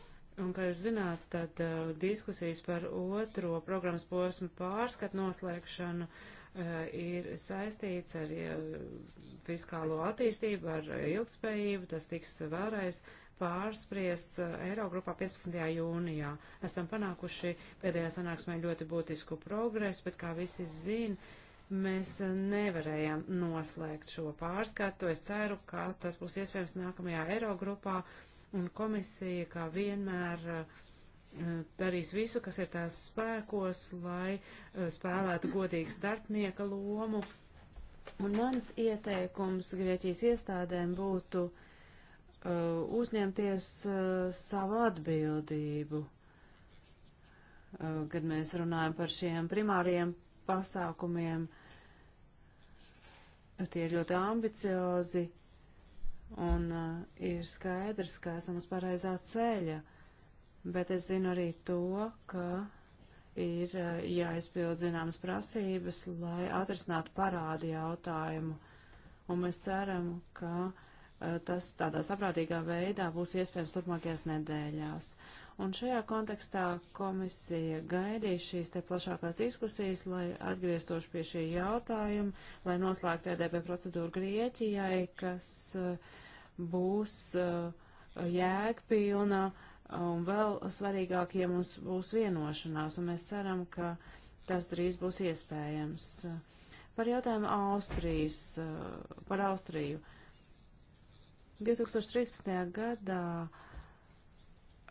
Un, kā jūs zināt, tad uh, diskusijas par otro programmas posmu pārskatu noslēgšanu uh, ir saistīts ar uh, fiskālo attīstību, ar ilgspējību. Tas tiks vēlreiz pārspriests uh, Eirogrupā 15. jūnijā. Esam panākuši pēdējā sanāksmē ļoti būtisku progresu, bet, kā visi zin, mēs nevarējām noslēgt šo pārskatu. Es ceru, ka tas būs iespējams nākamajā Eirogrupā. Uh, un komisija, kā vienmēr, eh, darīs visu, kas ir tās spēkos, lai eh, spēlētu godīgas darbnieka lomu. Un mans ieteikums Grieķijas iestādēm būtu uh, uzņemties uh, savu atbildību, uh, kad mēs runājam par šiem primāriem pasākumiem. Tie ir ļoti ambiciozi, uh, un uh, ir skaidrs, ka esam uz pareizā ceļa, bet es zinu arī to, ka ir uh, jāizpild zināmas prasības, lai atrisinātu parādi jautājumu, un mēs ceram, ka uh, tas tādā saprātīgā veidā būs iespējams turpmākajās nedēļās. Uh, Un šajā kontekstā komisija gaidīs šīs te plašākās diskusijas, lai atgrieztos pie šī jautājuma, lai noslēgtu EDP procedūru Grieķijai, kas uh, būs uh, jēgpilna un vēl svarīgāk, ja mums būs vienošanās, un mēs ceram, ka tas drīz būs iespējams. Par jautājumu Austrijas, uh, par Austriju. 2013. gadā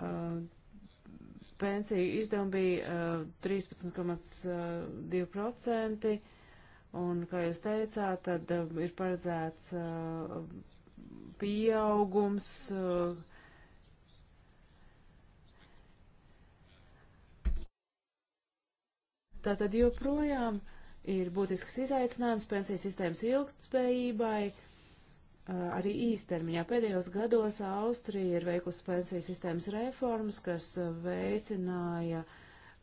Uh, pensiju izdevumi bija 13,2%, uh, un, kā jūs teicāt, tad uh, ir paredzēts pieaugums. Tātad joprojām ir būtisks izaicinājums pensiju sistēmas ilgtspējībai Eh, arī īstermiņā. Pēdējos gados Austrija ir veikusi pensiju sistēmas reformas, kas eh, veicināja,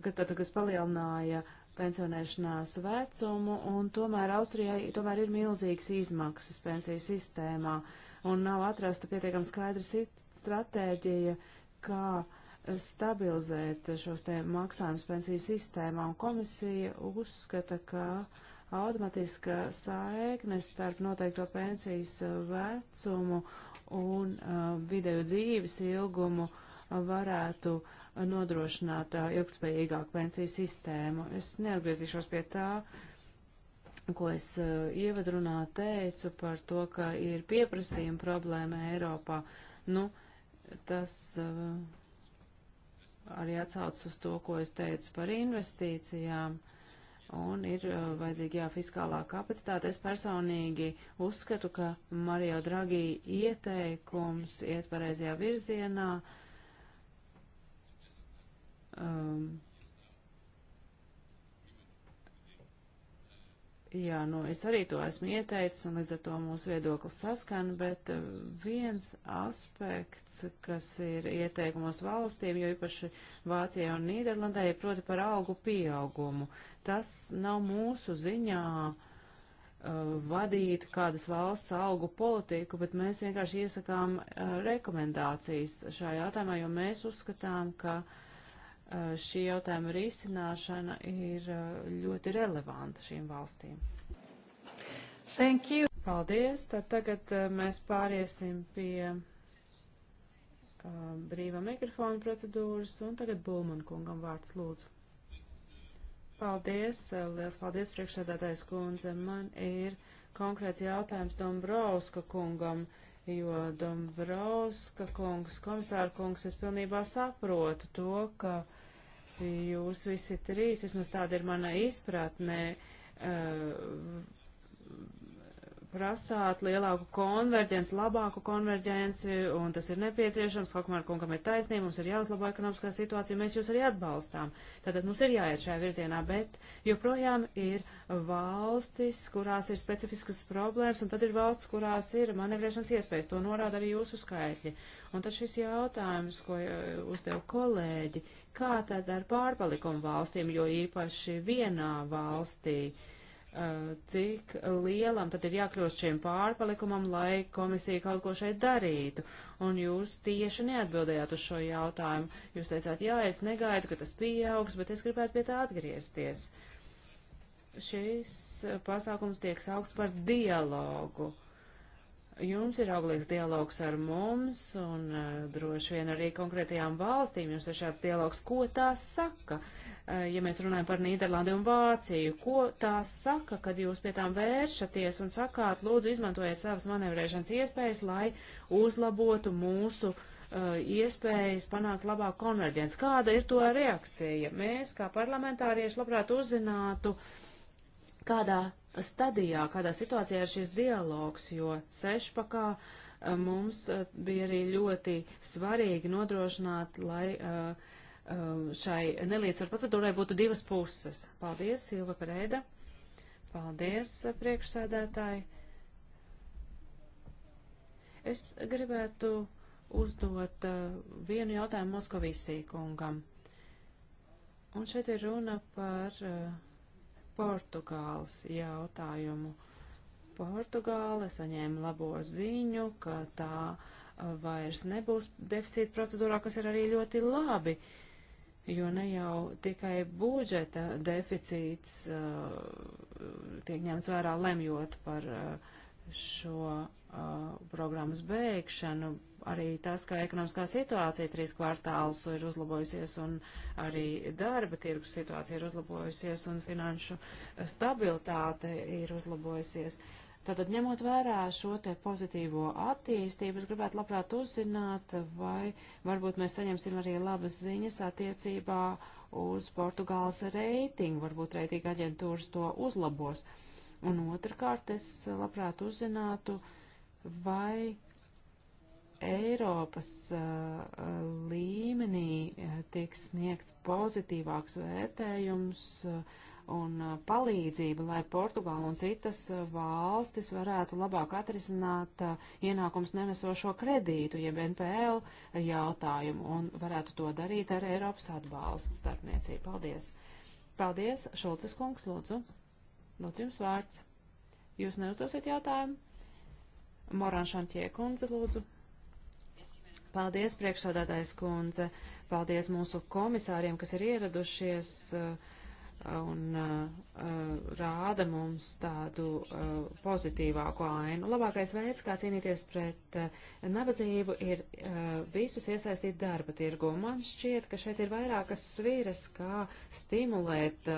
tad, kas palielināja pensionēšanās vecumu, un tomēr Austrijai tomēr ir milzīgas izmaksas pensiju sistēmā, un nav atrasta pietiekam skaidra stratēģija, kā eh, stabilizēt šos te maksājumus pensiju sistēmā, un komisija uzskata, ka uh, automatiska saikne starp noteikto pensijas eh, vecumu un uh, eh, vidēju dzīves ilgumu eh, varētu nodrošināt uh, ilgtspējīgāku pensiju sistēmu. Es neatgriezīšos pie tā, ko es uh, ievadrunā teicu par to, ka ir pieprasījuma problēma Eiropā. Nu, tas uh, arī atsaucas uz to, ko es teicu par investīcijām. Uh, un ir uh, vajadzīga jā, fiskālā kapacitāte. Es personīgi uzskatu, ka Mario Draghi ieteikums iet pareizajā virzienā. Um, Jā, nu es arī to esmu ieteicis, un līdz ar to mūsu viedoklis saskan, bet eh, viens aspekts, kas ir ieteikumos valstīm, jo īpaši Vācijai un Nīderlandē, ir proti par augu pieaugumu. Tas nav mūsu ziņā uh, vadīt kādas valsts augu politiku, bet mēs vienkārši iesakām uh, rekomendācijas šajā jautājumā, jo mēs uzskatām, ka uh, Eh, šī jautājuma risināšana ir eh, ļoti relevanta šīm valstīm. Thank you. Paldies. Tad tagad eh, mēs pāriesim pie uh, brīvā mikrofona procedūras un tagad Bulman kungam vārds lūdzu. Paldies. Liels paldies priekšsēdētājs kundze. Man ir konkrēts jautājums Dombrovska kungam jo Dombrovska kungs, komisāra kungs, es pilnībā saprotu to, ka jūs visi trīs, vismaz tāda ir mana izpratnē, eh, prasāt lielāku konverģenci, labāku konverģenci, un tas ir nepieciešams. Hokmāra kungam ir taisnība, mums ir jāuzlabo ekonomiskā situācija, mēs jūs arī atbalstām. Tātad mums ir jāiet šajā virzienā, bet joprojām ir valstis, kurās ir specifiskas problēmas, un tad ir valsts, kurās ir manevrēšanas iespējas. To norāda arī jūsu skaitļi. Un tad šis jautājums, ko eh, uzdev kolēģi. Uh, Kā tad ar pārpalikumu valstīm, jo īpaši vienā valstī? Uh, cik lielam tad ir jākļūst šiem pārpalikumam, lai komisija kaut ko šeit darītu. Un jūs tieši neatbildējāt uz šo jautājumu. Jūs teicāt, jā, es negaidu, ka tas pieaugs, bet es gribētu pie tā atgriezties. Šis uh, pasākums tiek saukts par dialogu. Uh, Jums ir auglīgs dialogs ar mums un uh, droši vien arī konkrētajām valstīm. Jums ir šāds dialogs, ko tās saka, uh, ja mēs runājam par Nīderlandi un Vāciju. Ko tās saka, kad jūs pie tām vēršaties un sakāt, lūdzu, izmantojiet savas manevrēšanas iespējas, lai uzlabotu mūsu uh, iespējas panākt labāku konverģents. Kāda ir to reakcija? Mēs, kā parlamentārieši, labprāt uzzinātu, kādā stadijā, kādā situācijā ir šis dialogs, jo sešpakā eh, mums eh, bija arī ļoti svarīgi nodrošināt, lai eh, šai nelīdzsvar procedūrai būtu divas puses. Paldies, Silva Pereida. Paldies, priekšsēdētāji. Es gribētu uzdot vienu jautājumu Moskovisī kungam. Un šeit ir runa par uh, Portugāles jautājumu. Portugāle saņēma labo ziņu, ka tā vairs nebūs deficīta procedūrā, kas ir arī ļoti labi, jo ne jau tikai budžeta deficīts uh, tiek ņemts vērā lemjot par uh, šo uh, programmas beigšanu, arī tas, ka ekonomiskā situācija trīs kvartālus ir uzlabojusies un arī darba tirgus situācija ir uzlabojusies un finanšu stabilitāte ir uzlabojusies. Tātad, ņemot vērā šo te pozitīvo attīstību, es gribētu labprāt uzzināt, vai varbūt mēs saņemsim arī labas ziņas attiecībā uz Portugāles reitingu, varbūt reitinga aģentūras to uzlabos. Un otrkārt, es labprāt uzzinātu, vai Eiropas uh, līmenī tiek sniegts pozitīvāks vērtējums uh, un uh, palīdzība, lai Portugāla un citas valstis varētu labāk atrisināt ienākums nenesošo kredītu, jeb NPL jautājumu, un varētu to darīt ar Eiropas atbalstu starpniecību. Paldies! Paldies, Šulcis kungs, lūdzu. Lūdzu, jums vārds. Jūs neuzdosiet jautājumu? Moran Šantie kundze, lūdzu. Paldies, priekšsādātājs kundze. Paldies mūsu komisāriem, kas ir ieradušies uh, un uh, uh, rāda mums tādu pozitīvāku ainu. Labākais veids, kā cīnīties pret nabadzību, ir visus iesaistīt darba tirgu. Man šķiet, ka šeit ir vairākas svīras, kā stimulēt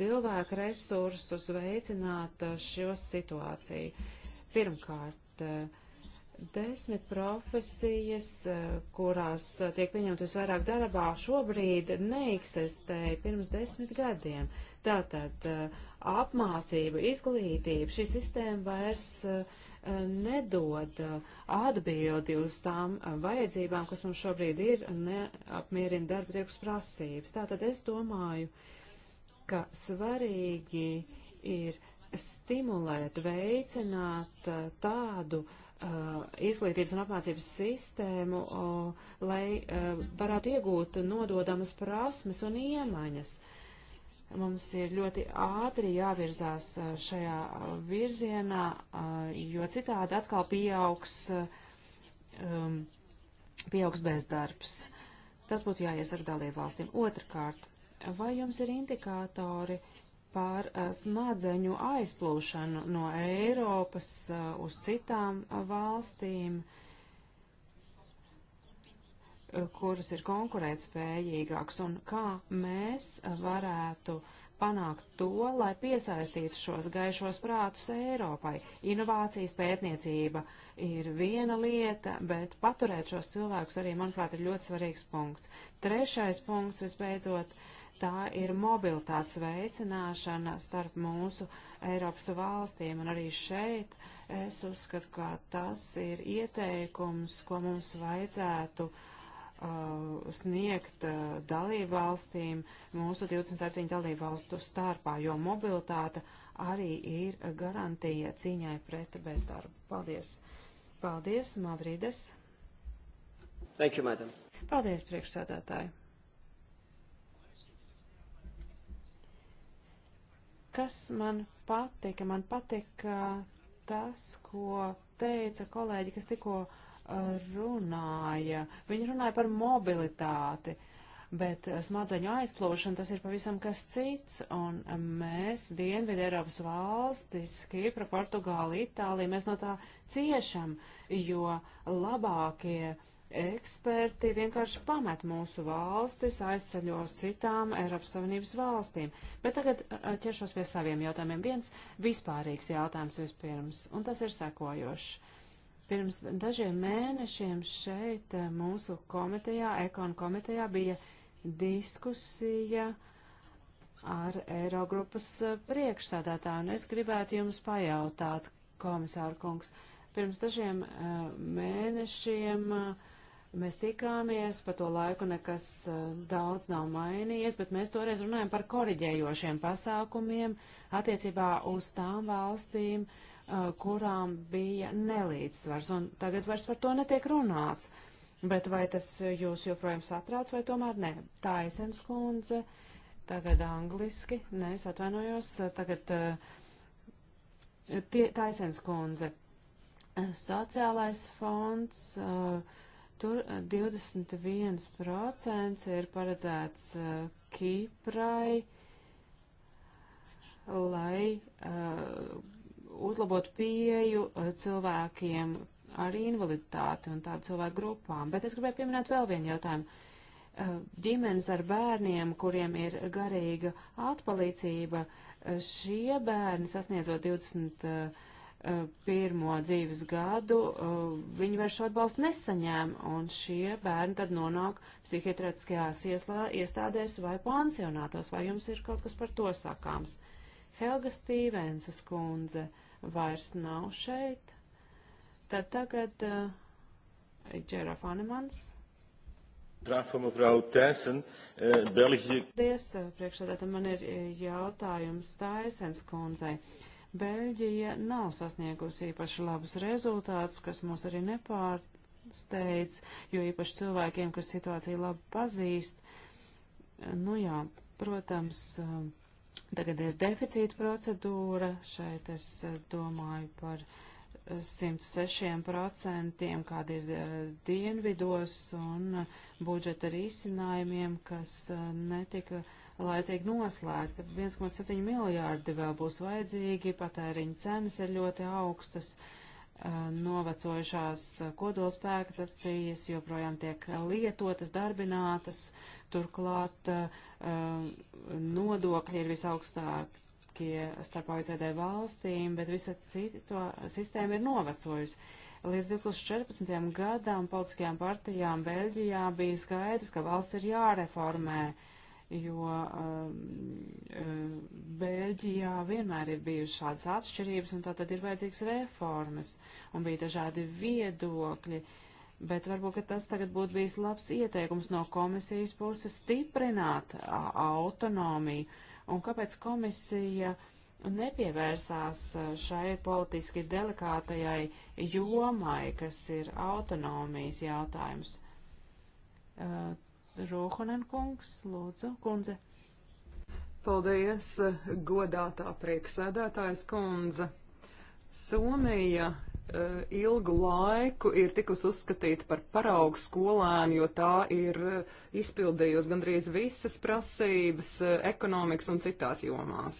cilvēku resursus, veicināt šos situāciju. Pirmkārt, uh, desmit profesijas, eh, kurās eh, tiek pieņemtas vairāk darbā, šobrīd neeksistēja pirms desmit gadiem. Tātad eh, apmācība, izglītība, šī sistēma vairs nedod atbildi uz tām vajadzībām, kas mums šobrīd ir, neapmierina darba tirgus prasības. Tātad es domāju, ka svarīgi ir stimulēt, veicināt tādu uh, Uh, izglītības un apmācības sistēmu, o, lai uh, varētu iegūt nododamas prasmes un iemaņas. Mums ir ļoti ātri jāvirzās uh, šajā virzienā, uh, jo citādi atkal pieaugs, uh, um, pieaugs bezdarbs. Tas būtu jāiesaka dalībvalstīm. Otrkārt, vai jums ir indikātori, uh, par eh, smadzeņu aizplūšanu no Eiropas eh, uz citām eh, valstīm, kuras ir konkurētspējīgākas, un kā mēs varētu panākt to, lai piesaistītu šos gaišos prātus Eiropai. Inovācijas pētniecība ir viena lieta, bet paturēt šos cilvēkus arī, manuprāt, ir ļoti svarīgs punkts. Trešais punkts, visbeidzot, uh, tā ir mobilitātes veicināšana starp mūsu Eiropas valstīm. Un arī šeit es uzskatu, ka tas ir ieteikums, ko mums vajadzētu uh, sniegt uh, dalību valstīm, mūsu 27 dalību valstu starpā, jo mobilitāte arī ir garantija cīņai pret bezdarbu. Paldies! Paldies, Mavrides! Thank you, madam. Paldies, priekšsēdētāji! Kas man patika? Man patika uh, tas, ko teica kolēģi, kas tikko uh, runāja. Viņi runāja par mobilitāti, bet uh, smadzeņu aizplūšana tas ir pavisam kas cits, un mēs, Dienvidu Eiropas valstis, Kīpra, Portugāla, Itālija, mēs no tā ciešam, jo labākie uh, eksperti vienkārši pamet mūsu valstis, aizceļo uz citām Eiropas Savienības valstīm. Bet tagad eh, ķeršos pie saviem jautājumiem. Viens vispārīgs jautājums vispirms, un tas ir sekojošs. Pirms dažiem mēnešiem šeit eh, mūsu komitejā, ekonu komitejā, bija diskusija ar Eirogrupas eh, priekšsādātāju, un es gribētu jums pajautāt, komisāra kungs, pirms dažiem mēnešiem uh, Mēs tikāmies, pa to laiku nekas daudz nav mainījies, bet mēs toreiz runājam par koriģējošiem pasākumiem attiecībā uz tām valstīm, kurām bija nelīdzsvars. Un tagad vairs par to netiek runāts. Bet vai tas jūs joprojām satrauc vai tomēr nē? Tā esens kundze, tagad angliski, nē, es atvainojos, tagad tie, tā esens kundze. Sociālais fonds. Uh, Tur 21% eh, ir paredzēts eh, Kīprai, lai uh, uzlabotu pieju cilvēkiem ar invaliditāti un tādu cilvēku grupām. Bet es gribēju pieminēt vēl vienu jautājumu. Uh, ģimenes ar bērniem, kuriem ir garīga atpalīdzība, šie bērni sasniedzot 20. Uh, Eh, pirmo dzīves gadu, eh, viņi vairs šo atbalstu nesaņēma, un šie bērni tad nonāk psihiatriskajās iestādēs vai pansionātos, vai jums ir kaut kas par to sakāms. Helga Stīvensas kundze vairs nav šeit, tad tagad uh, Džera Fanemans. Vraag van mevrouw Thijssen, uh, België. Paldies, priekšsēdētāji, man ir jautājums Taisens kundzei. Uh, Beļģija nav sasniegusi īpaši labus rezultātus, kas mūs arī nepārsteidz, jo īpaši cilvēkiem, kas situāciju labi pazīst, nu jā, protams, tagad ir deficīta procedūra, šeit es domāju par uh, 106%, uh, kāda ir uh, dienvidos, un uh, budžeta risinājumiem, kas netika laicīgi noslēgta. 1,7 miljārdi vēl būs vajadzīgi, patēriņa cenas ir ļoti augstas, novecojušās kodolspēka stacijas joprojām tiek lietotas, darbinātas, turklāt nodokļi ir visaugstākie starptautiskie, starp OECD valstīm, bet visa cita sistēma ir novecojusi. Līdz 2014. gadam politiskajām partijām Beļģijā bija skaidrs, ka valsts ir jāreformē, jo um, uh, Beļģijā vienmēr ir bijušas šādas atšķirības, un tātad ir vajadzīgs reformas, un bija dažādi viedokļi. Bet varbūt, ka tas tagad būtu bijis labs ieteikums no komisijas puses stiprināt autonomiju un kāpēc komisija nepievērsās e, šai politiski delikātajai jomai, kas ir autonomijas jautājums. Uh, e, Rūhunen kungs, lūdzu, kundze. Paldies, e, godātā prieksēdētājs kundze. Somija E, ilgu laiku ir tikusi uzskatīta par paraugu skolēnu, jo tā ir izpildījusi gandrīz visas prasības e, ekonomikas un citās jomās.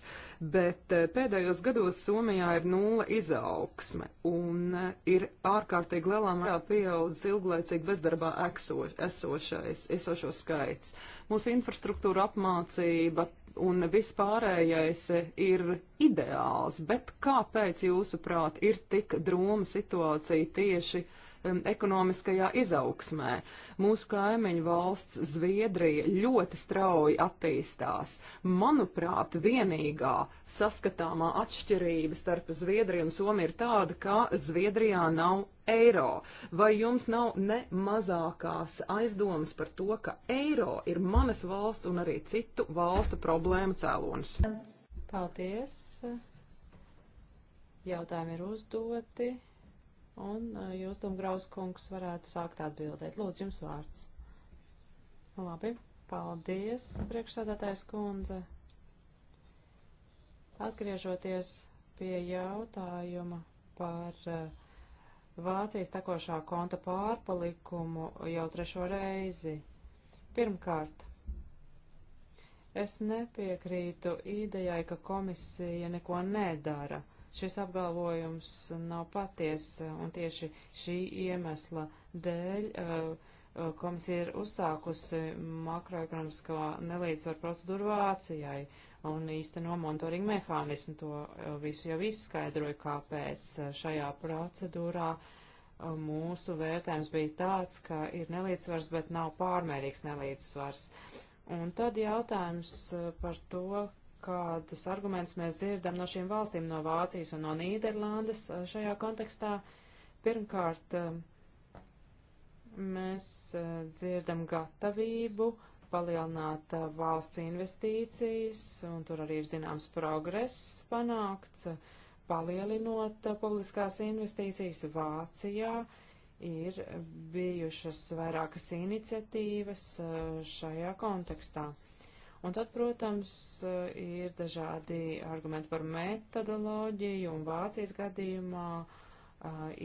Bet e, pēdējos gados Somijā ir nula izaugsme un ir ārkārtīgi lielā mērā pieaudzis ilglaicīgi bezdarbā ekso, esošais, esošo skaits. Mūsu infrastruktūra apmācība un viss pārējais ir ideāls, bet kāpēc jūsuprāt ir tik drūma situācija tieši um, ekonomiskajā izaugsmē. Mūsu kaimiņu valsts Zviedrija ļoti strauji attīstās. Manuprāt, vienīgā saskatāmā atšķirība starp Zviedriju un Somiju ir tāda, ka Zviedrijā nav eiro. Vai jums nav ne mazākās aizdomas par to, ka eiro ir manas valsts un arī citu valstu problēmu cēlonis? Paldies! Jautājumi ir uzdoti un eh, jūs, Dumgraus kungs, varētu sākt atbildēt. Lūdzu, jums vārds. Labi, paldies, priekšsādātājs kundze. Atgriežoties pie jautājuma par eh, Vācijas tekošā konta pārpalikumu jau trešo reizi. Pirmkārt, es nepiekrītu idejai, ka komisija neko nedara. Šis apgalvojums nav paties, un tieši šī iemesla dēļ eh, eh, komisija ir uzsākusi makroekonomisko nelīdzsvaru procedūru Vācijai un īsteno monitoringu mehānismu. To eh, visu jau izskaidroju, kāpēc šajā procedūrā mūsu vērtējums bija tāds, ka ir nelīdzsvars, bet nav pārmērīgs nelīdzsvars. Un tad jautājums par to, kādus argumentus mēs dzirdam no šīm valstīm, no Vācijas un no Nīderlandes eh, šajā kontekstā. Pirmkārt, eh, mēs eh, dzirdam gatavību palielināt valsts investīcijas, un tur arī ir zināms progress panākts, palielinot publiskās investīcijas Vācijā. Ir bijušas vairākas iniciatīvas šajā kontekstā. Un tad, protams, ir dažādi argumenti par metodoloģiju, un Vācijas gadījumā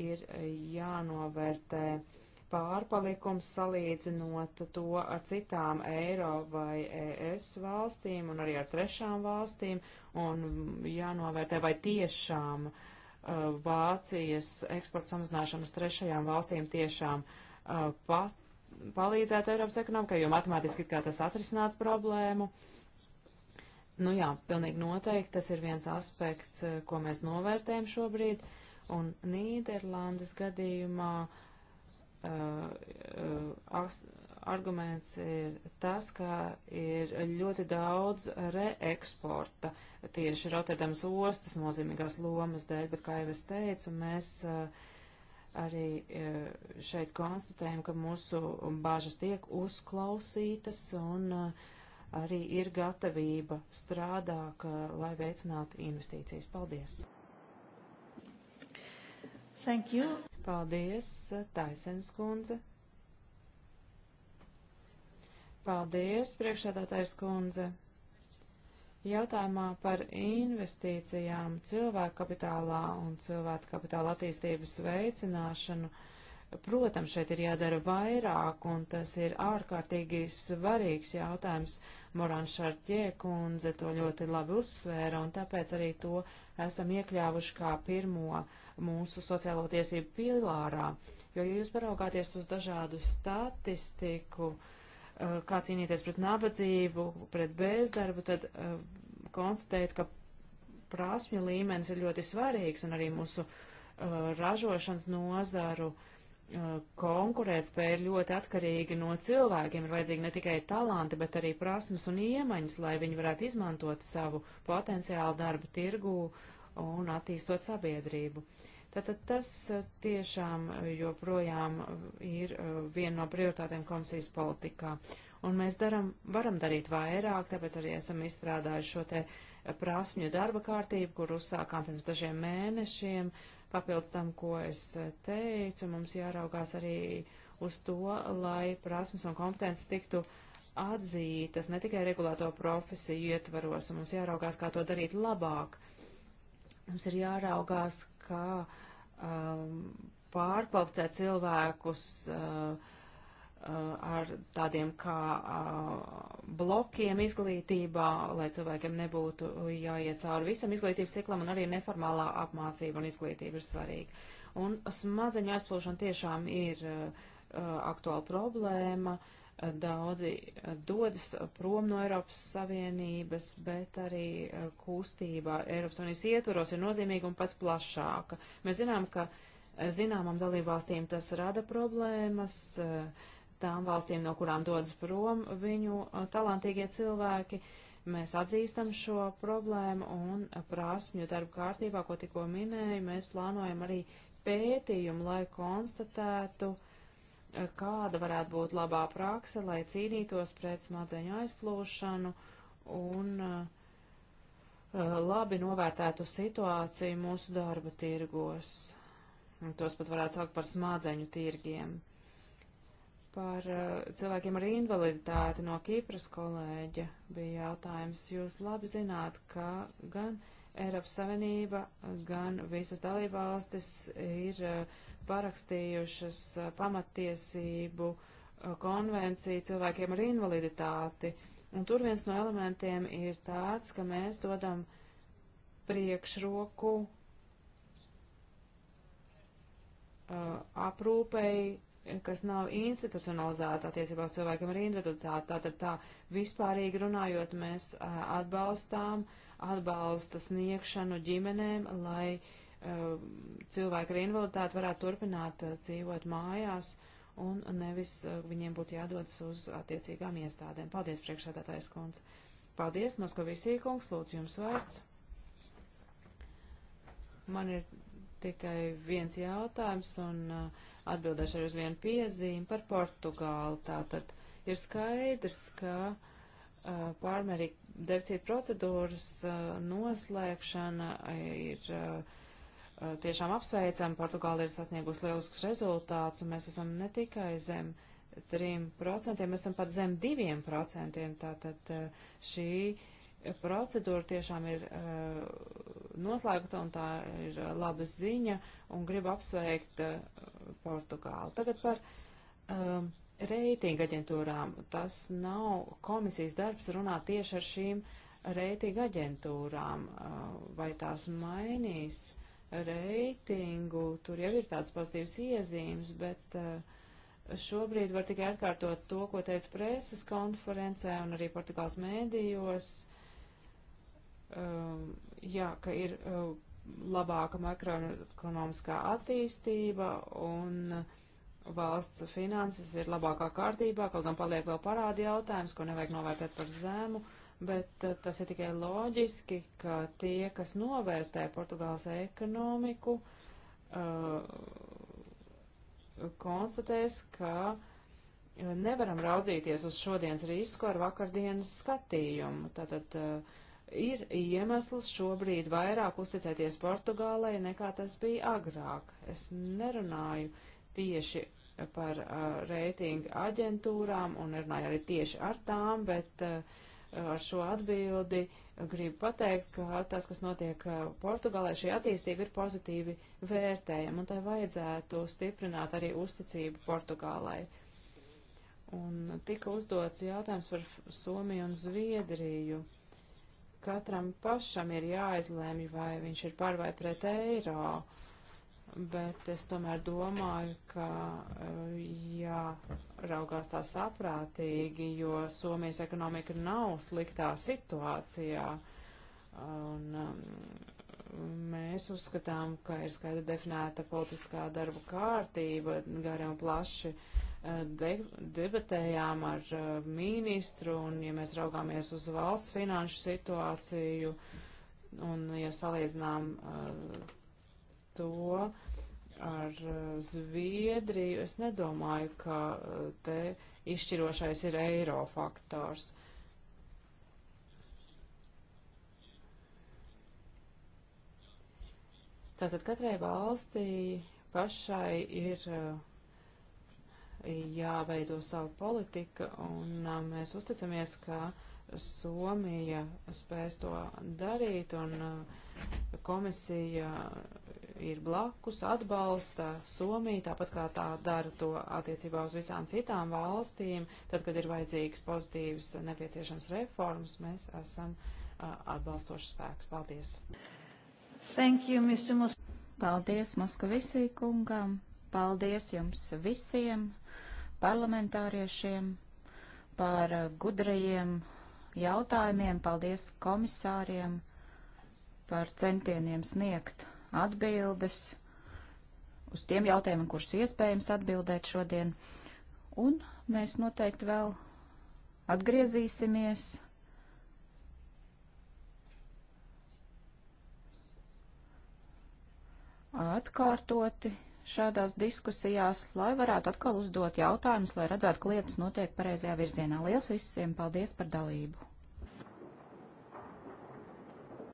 ir jānovērtē pārpalikums salīdzinot to ar citām Eiro vai ES valstīm un arī ar trešām valstīm, un jānovērtē, vai tiešām Vācijas eksporta samazināšana uz trešajām valstīm tiešām pat palīdzētu Eiropas ekonomikai, jo matemātiski kā tas atrisināt problēmu. Nu jā, pilnīgi noteikti tas ir viens aspekts, eh, ko mēs novērtējam šobrīd, un Nīderlandes gadījumā uh, uh, arguments ir tas, ka ir ļoti daudz reeksporta tieši Rotterdams ostas nozīmīgās lomas dēļ, bet kā jau es teicu, mēs uh, arī e, šeit konstatējam, ka mūsu bāžas tiek uzklausītas un e, arī ir gatavība strādāt, e, lai veicinātu investīcijas. Paldies! Thank you. Paldies, Taisens kundze. Paldies, priekšsēdātājs kundze. Jautājumā par investīcijām cilvēku kapitālā un cilvēku kapitāla attīstības veicināšanu, protams, šeit ir jādara vairāk, un tas ir ārkārtīgi svarīgs jautājums. Morāna Šarķie kundze to ļoti labi uzsvēra, un tāpēc arī to esam iekļāvuši kā pirmo mūsu sociālo tiesību pilārā. Jo, ja jūs paraugāties uz dažādu statistiku, uh, Uh, kā cīnīties pret nabadzību, pret bezdarbu, tad uh, konstatēt, ka prasmju līmenis ir ļoti svarīgs un arī mūsu uh, ražošanas nozaru uh, konkurētspēja ir ļoti atkarīga no cilvēkiem. Ir vajadzīgi ne tikai talanti, bet arī prasmes un iemaņas, lai viņi varētu izmantot savu potenciālu darba tirgū un attīstot sabiedrību. Uh, Tātad tas eh, tiešām eh, joprojām eh, ir viena no prioritātēm komisijas politikā. Un mēs daram, varam darīt vairāk, tāpēc arī esam izstrādājuši šo te prasmju darba kārtību, kur uzsākām pirms dažiem mēnešiem. Papildus tam, ko es teicu, mums jāraugās arī uz to, lai prasmes un kompetences tiktu atzītas ne tikai regulēto profesiju ietvaros, un mums jāraugās, kā to darīt labāk. Mums ir jāraugās, kā um, pārkvalificēt cilvēkus uh, uh, ar tādiem kā uh, blokiem izglītībā, lai cilvēkiem nebūtu jāiet cauri visam izglītības ciklam, un arī neformālā apmācība un izglītība ir svarīga. Un smadzeņu aizplūšana tiešām ir uh, uh aktuāla problēma. Uh, Daudzi eh, dodas prom no Eiropas Savienības, bet arī eh, kustība Eiropas Savienības ietvaros ir nozīmīga un pat plašāka. Mēs zinām, ka eh, zināmam dalībvalstīm tas rada problēmas, tām valstīm, no kurām dodas prom viņu talantīgie cilvēki. Mēs atzīstam šo problēmu un prasmju darbu kārtībā, ko tikko minēju, mēs plānojam arī pētījumu, lai konstatētu, uh, kāda varētu būt labā prakse, lai cīnītos pret smadzeņu aizplūšanu un eh, eh, labi novērtētu situāciju mūsu darba tirgos. Tos pat varētu saukt par smadzeņu tirgiem. Par eh, cilvēkiem ar invaliditāti no Kīpras kolēģa bija jautājums. Jūs labi zināt, ka gan Eiropas Savienība, gan visas dalībvalstis ir eh, parakstījušas eh, pamatiesību eh, konvenciju cilvēkiem ar invaliditāti. Un tur viens no elementiem ir tāds, ka mēs dodam priekšroku aprūpei, kas nav institucionalizēta attiecībā uz cilvēkiem ar invaliditāti. Tātad tā vispārīgi runājot, mēs atbalstām uh, atbalsta sniegšanu ģimenēm, lai uh, cilvēki ar invaliditāti varētu turpināt uh, dzīvot mājās un nevis uh, viņiem būtu jādodas uz attiecīgām iestādēm. Paldies, priekšsēdētājs kundz. Paldies, Maskovisī kungs, lūdzu jums vārds. Man ir tikai viens jautājums un uh, atbildēšu arī uz vienu piezīmi par Portugālu. Tātad ir skaidrs, ka uh, pārmērīgi deficīta procedūras eh, noslēgšana ir eh, eh, tiešām apsveicama. Portugāla ir sasniegusi lielisks rezultāts, un mēs esam ne tikai zem 3%, mēs esam pat zem 2%. Tātad šī procedūra tiešām ir noslēgta, un tā ir laba ziņa, un gribu apsveikt Portugālu. Tagad par. Um, reitinga aģentūrām. Tas nav komisijas darbs runāt tieši ar šīm reitinga aģentūrām. Uh, vai tās mainīs reitingu? Tur jau ir tāds pozitīvs iezīmes, bet uh, šobrīd var tikai atkārtot to, ko teica preses konferencē un arī Portugāls mēdījos. Um, jā, ka ir uh, labāka makroekonomiskā attīstība un uh, valsts finanses ir labākā kārtībā, kaut gan paliek vēl parādi jautājums, ko nevajag novērtēt par zemu, bet eh, tas ir tikai loģiski, ka tie, kas novērtē Portugāles ekonomiku, uh, konstatēs, ka eh, nevaram raudzīties uz šodienas risku ar vakardienas skatījumu. Tātad uh, ir iemesls šobrīd vairāk uzticēties Portugālei nekā tas bija agrāk. Es nerunāju uh, tieši par uh, reitingu aģentūrām un runāju arī tieši ar tām, bet uh, ar šo atbildi gribu pateikt, ka tas, kas notiek Portugālē, šī attīstība ir pozitīvi vērtējama un tai vajadzētu stiprināt arī uzticību Portugālai. Un tika uzdots jautājums par Somiju un Zviedriju. Katram pašam ir jāizlēmj, vai viņš ir par vai pret eiro. Uh, bet es tomēr domāju, ka eh, jāraugās tā saprātīgi, jo Somijas ekonomika nav sliktā situācijā. Un um, mēs uzskatām, ka ir skaidri definēta politiskā darba kārtība, gari un plaši eh, de debatējām ar eh, ministru, un ja mēs raugāmies uz valsts finanšu situāciju, un ja salīdzinām uh, to ar eh, Zviedriju. Es nedomāju, ka eh, te izšķirošais ir eiro faktors. Tātad katrai valstī pašai ir eh, jāveido savu politiku, un mēs uzticamies, ka Somija spēs to darīt, un komisija ir blakus, atbalsta Somiju, tāpat kā tā dara to attiecībā uz visām citām valstīm. Tad, kad ir vajadzīgs pozitīvs nepieciešams reformas, mēs esam uh, atbalstošs spēks. Paldies! Thank you, Mr. Mus Paldies Moskavisī kungam! Paldies jums visiem parlamentāriešiem par gudrajiem jautājumiem! Paldies komisāriem! par centieniem sniegt atbildes uz tiem jautājumiem, kurus iespējams atbildēt šodien. Un mēs noteikti vēl atgriezīsimies. Atkārtoti šādās diskusijās, lai varētu atkal uzdot jautājumus, lai redzētu, ka lietas notiek pareizajā virzienā. Lielas visiem paldies par dalību!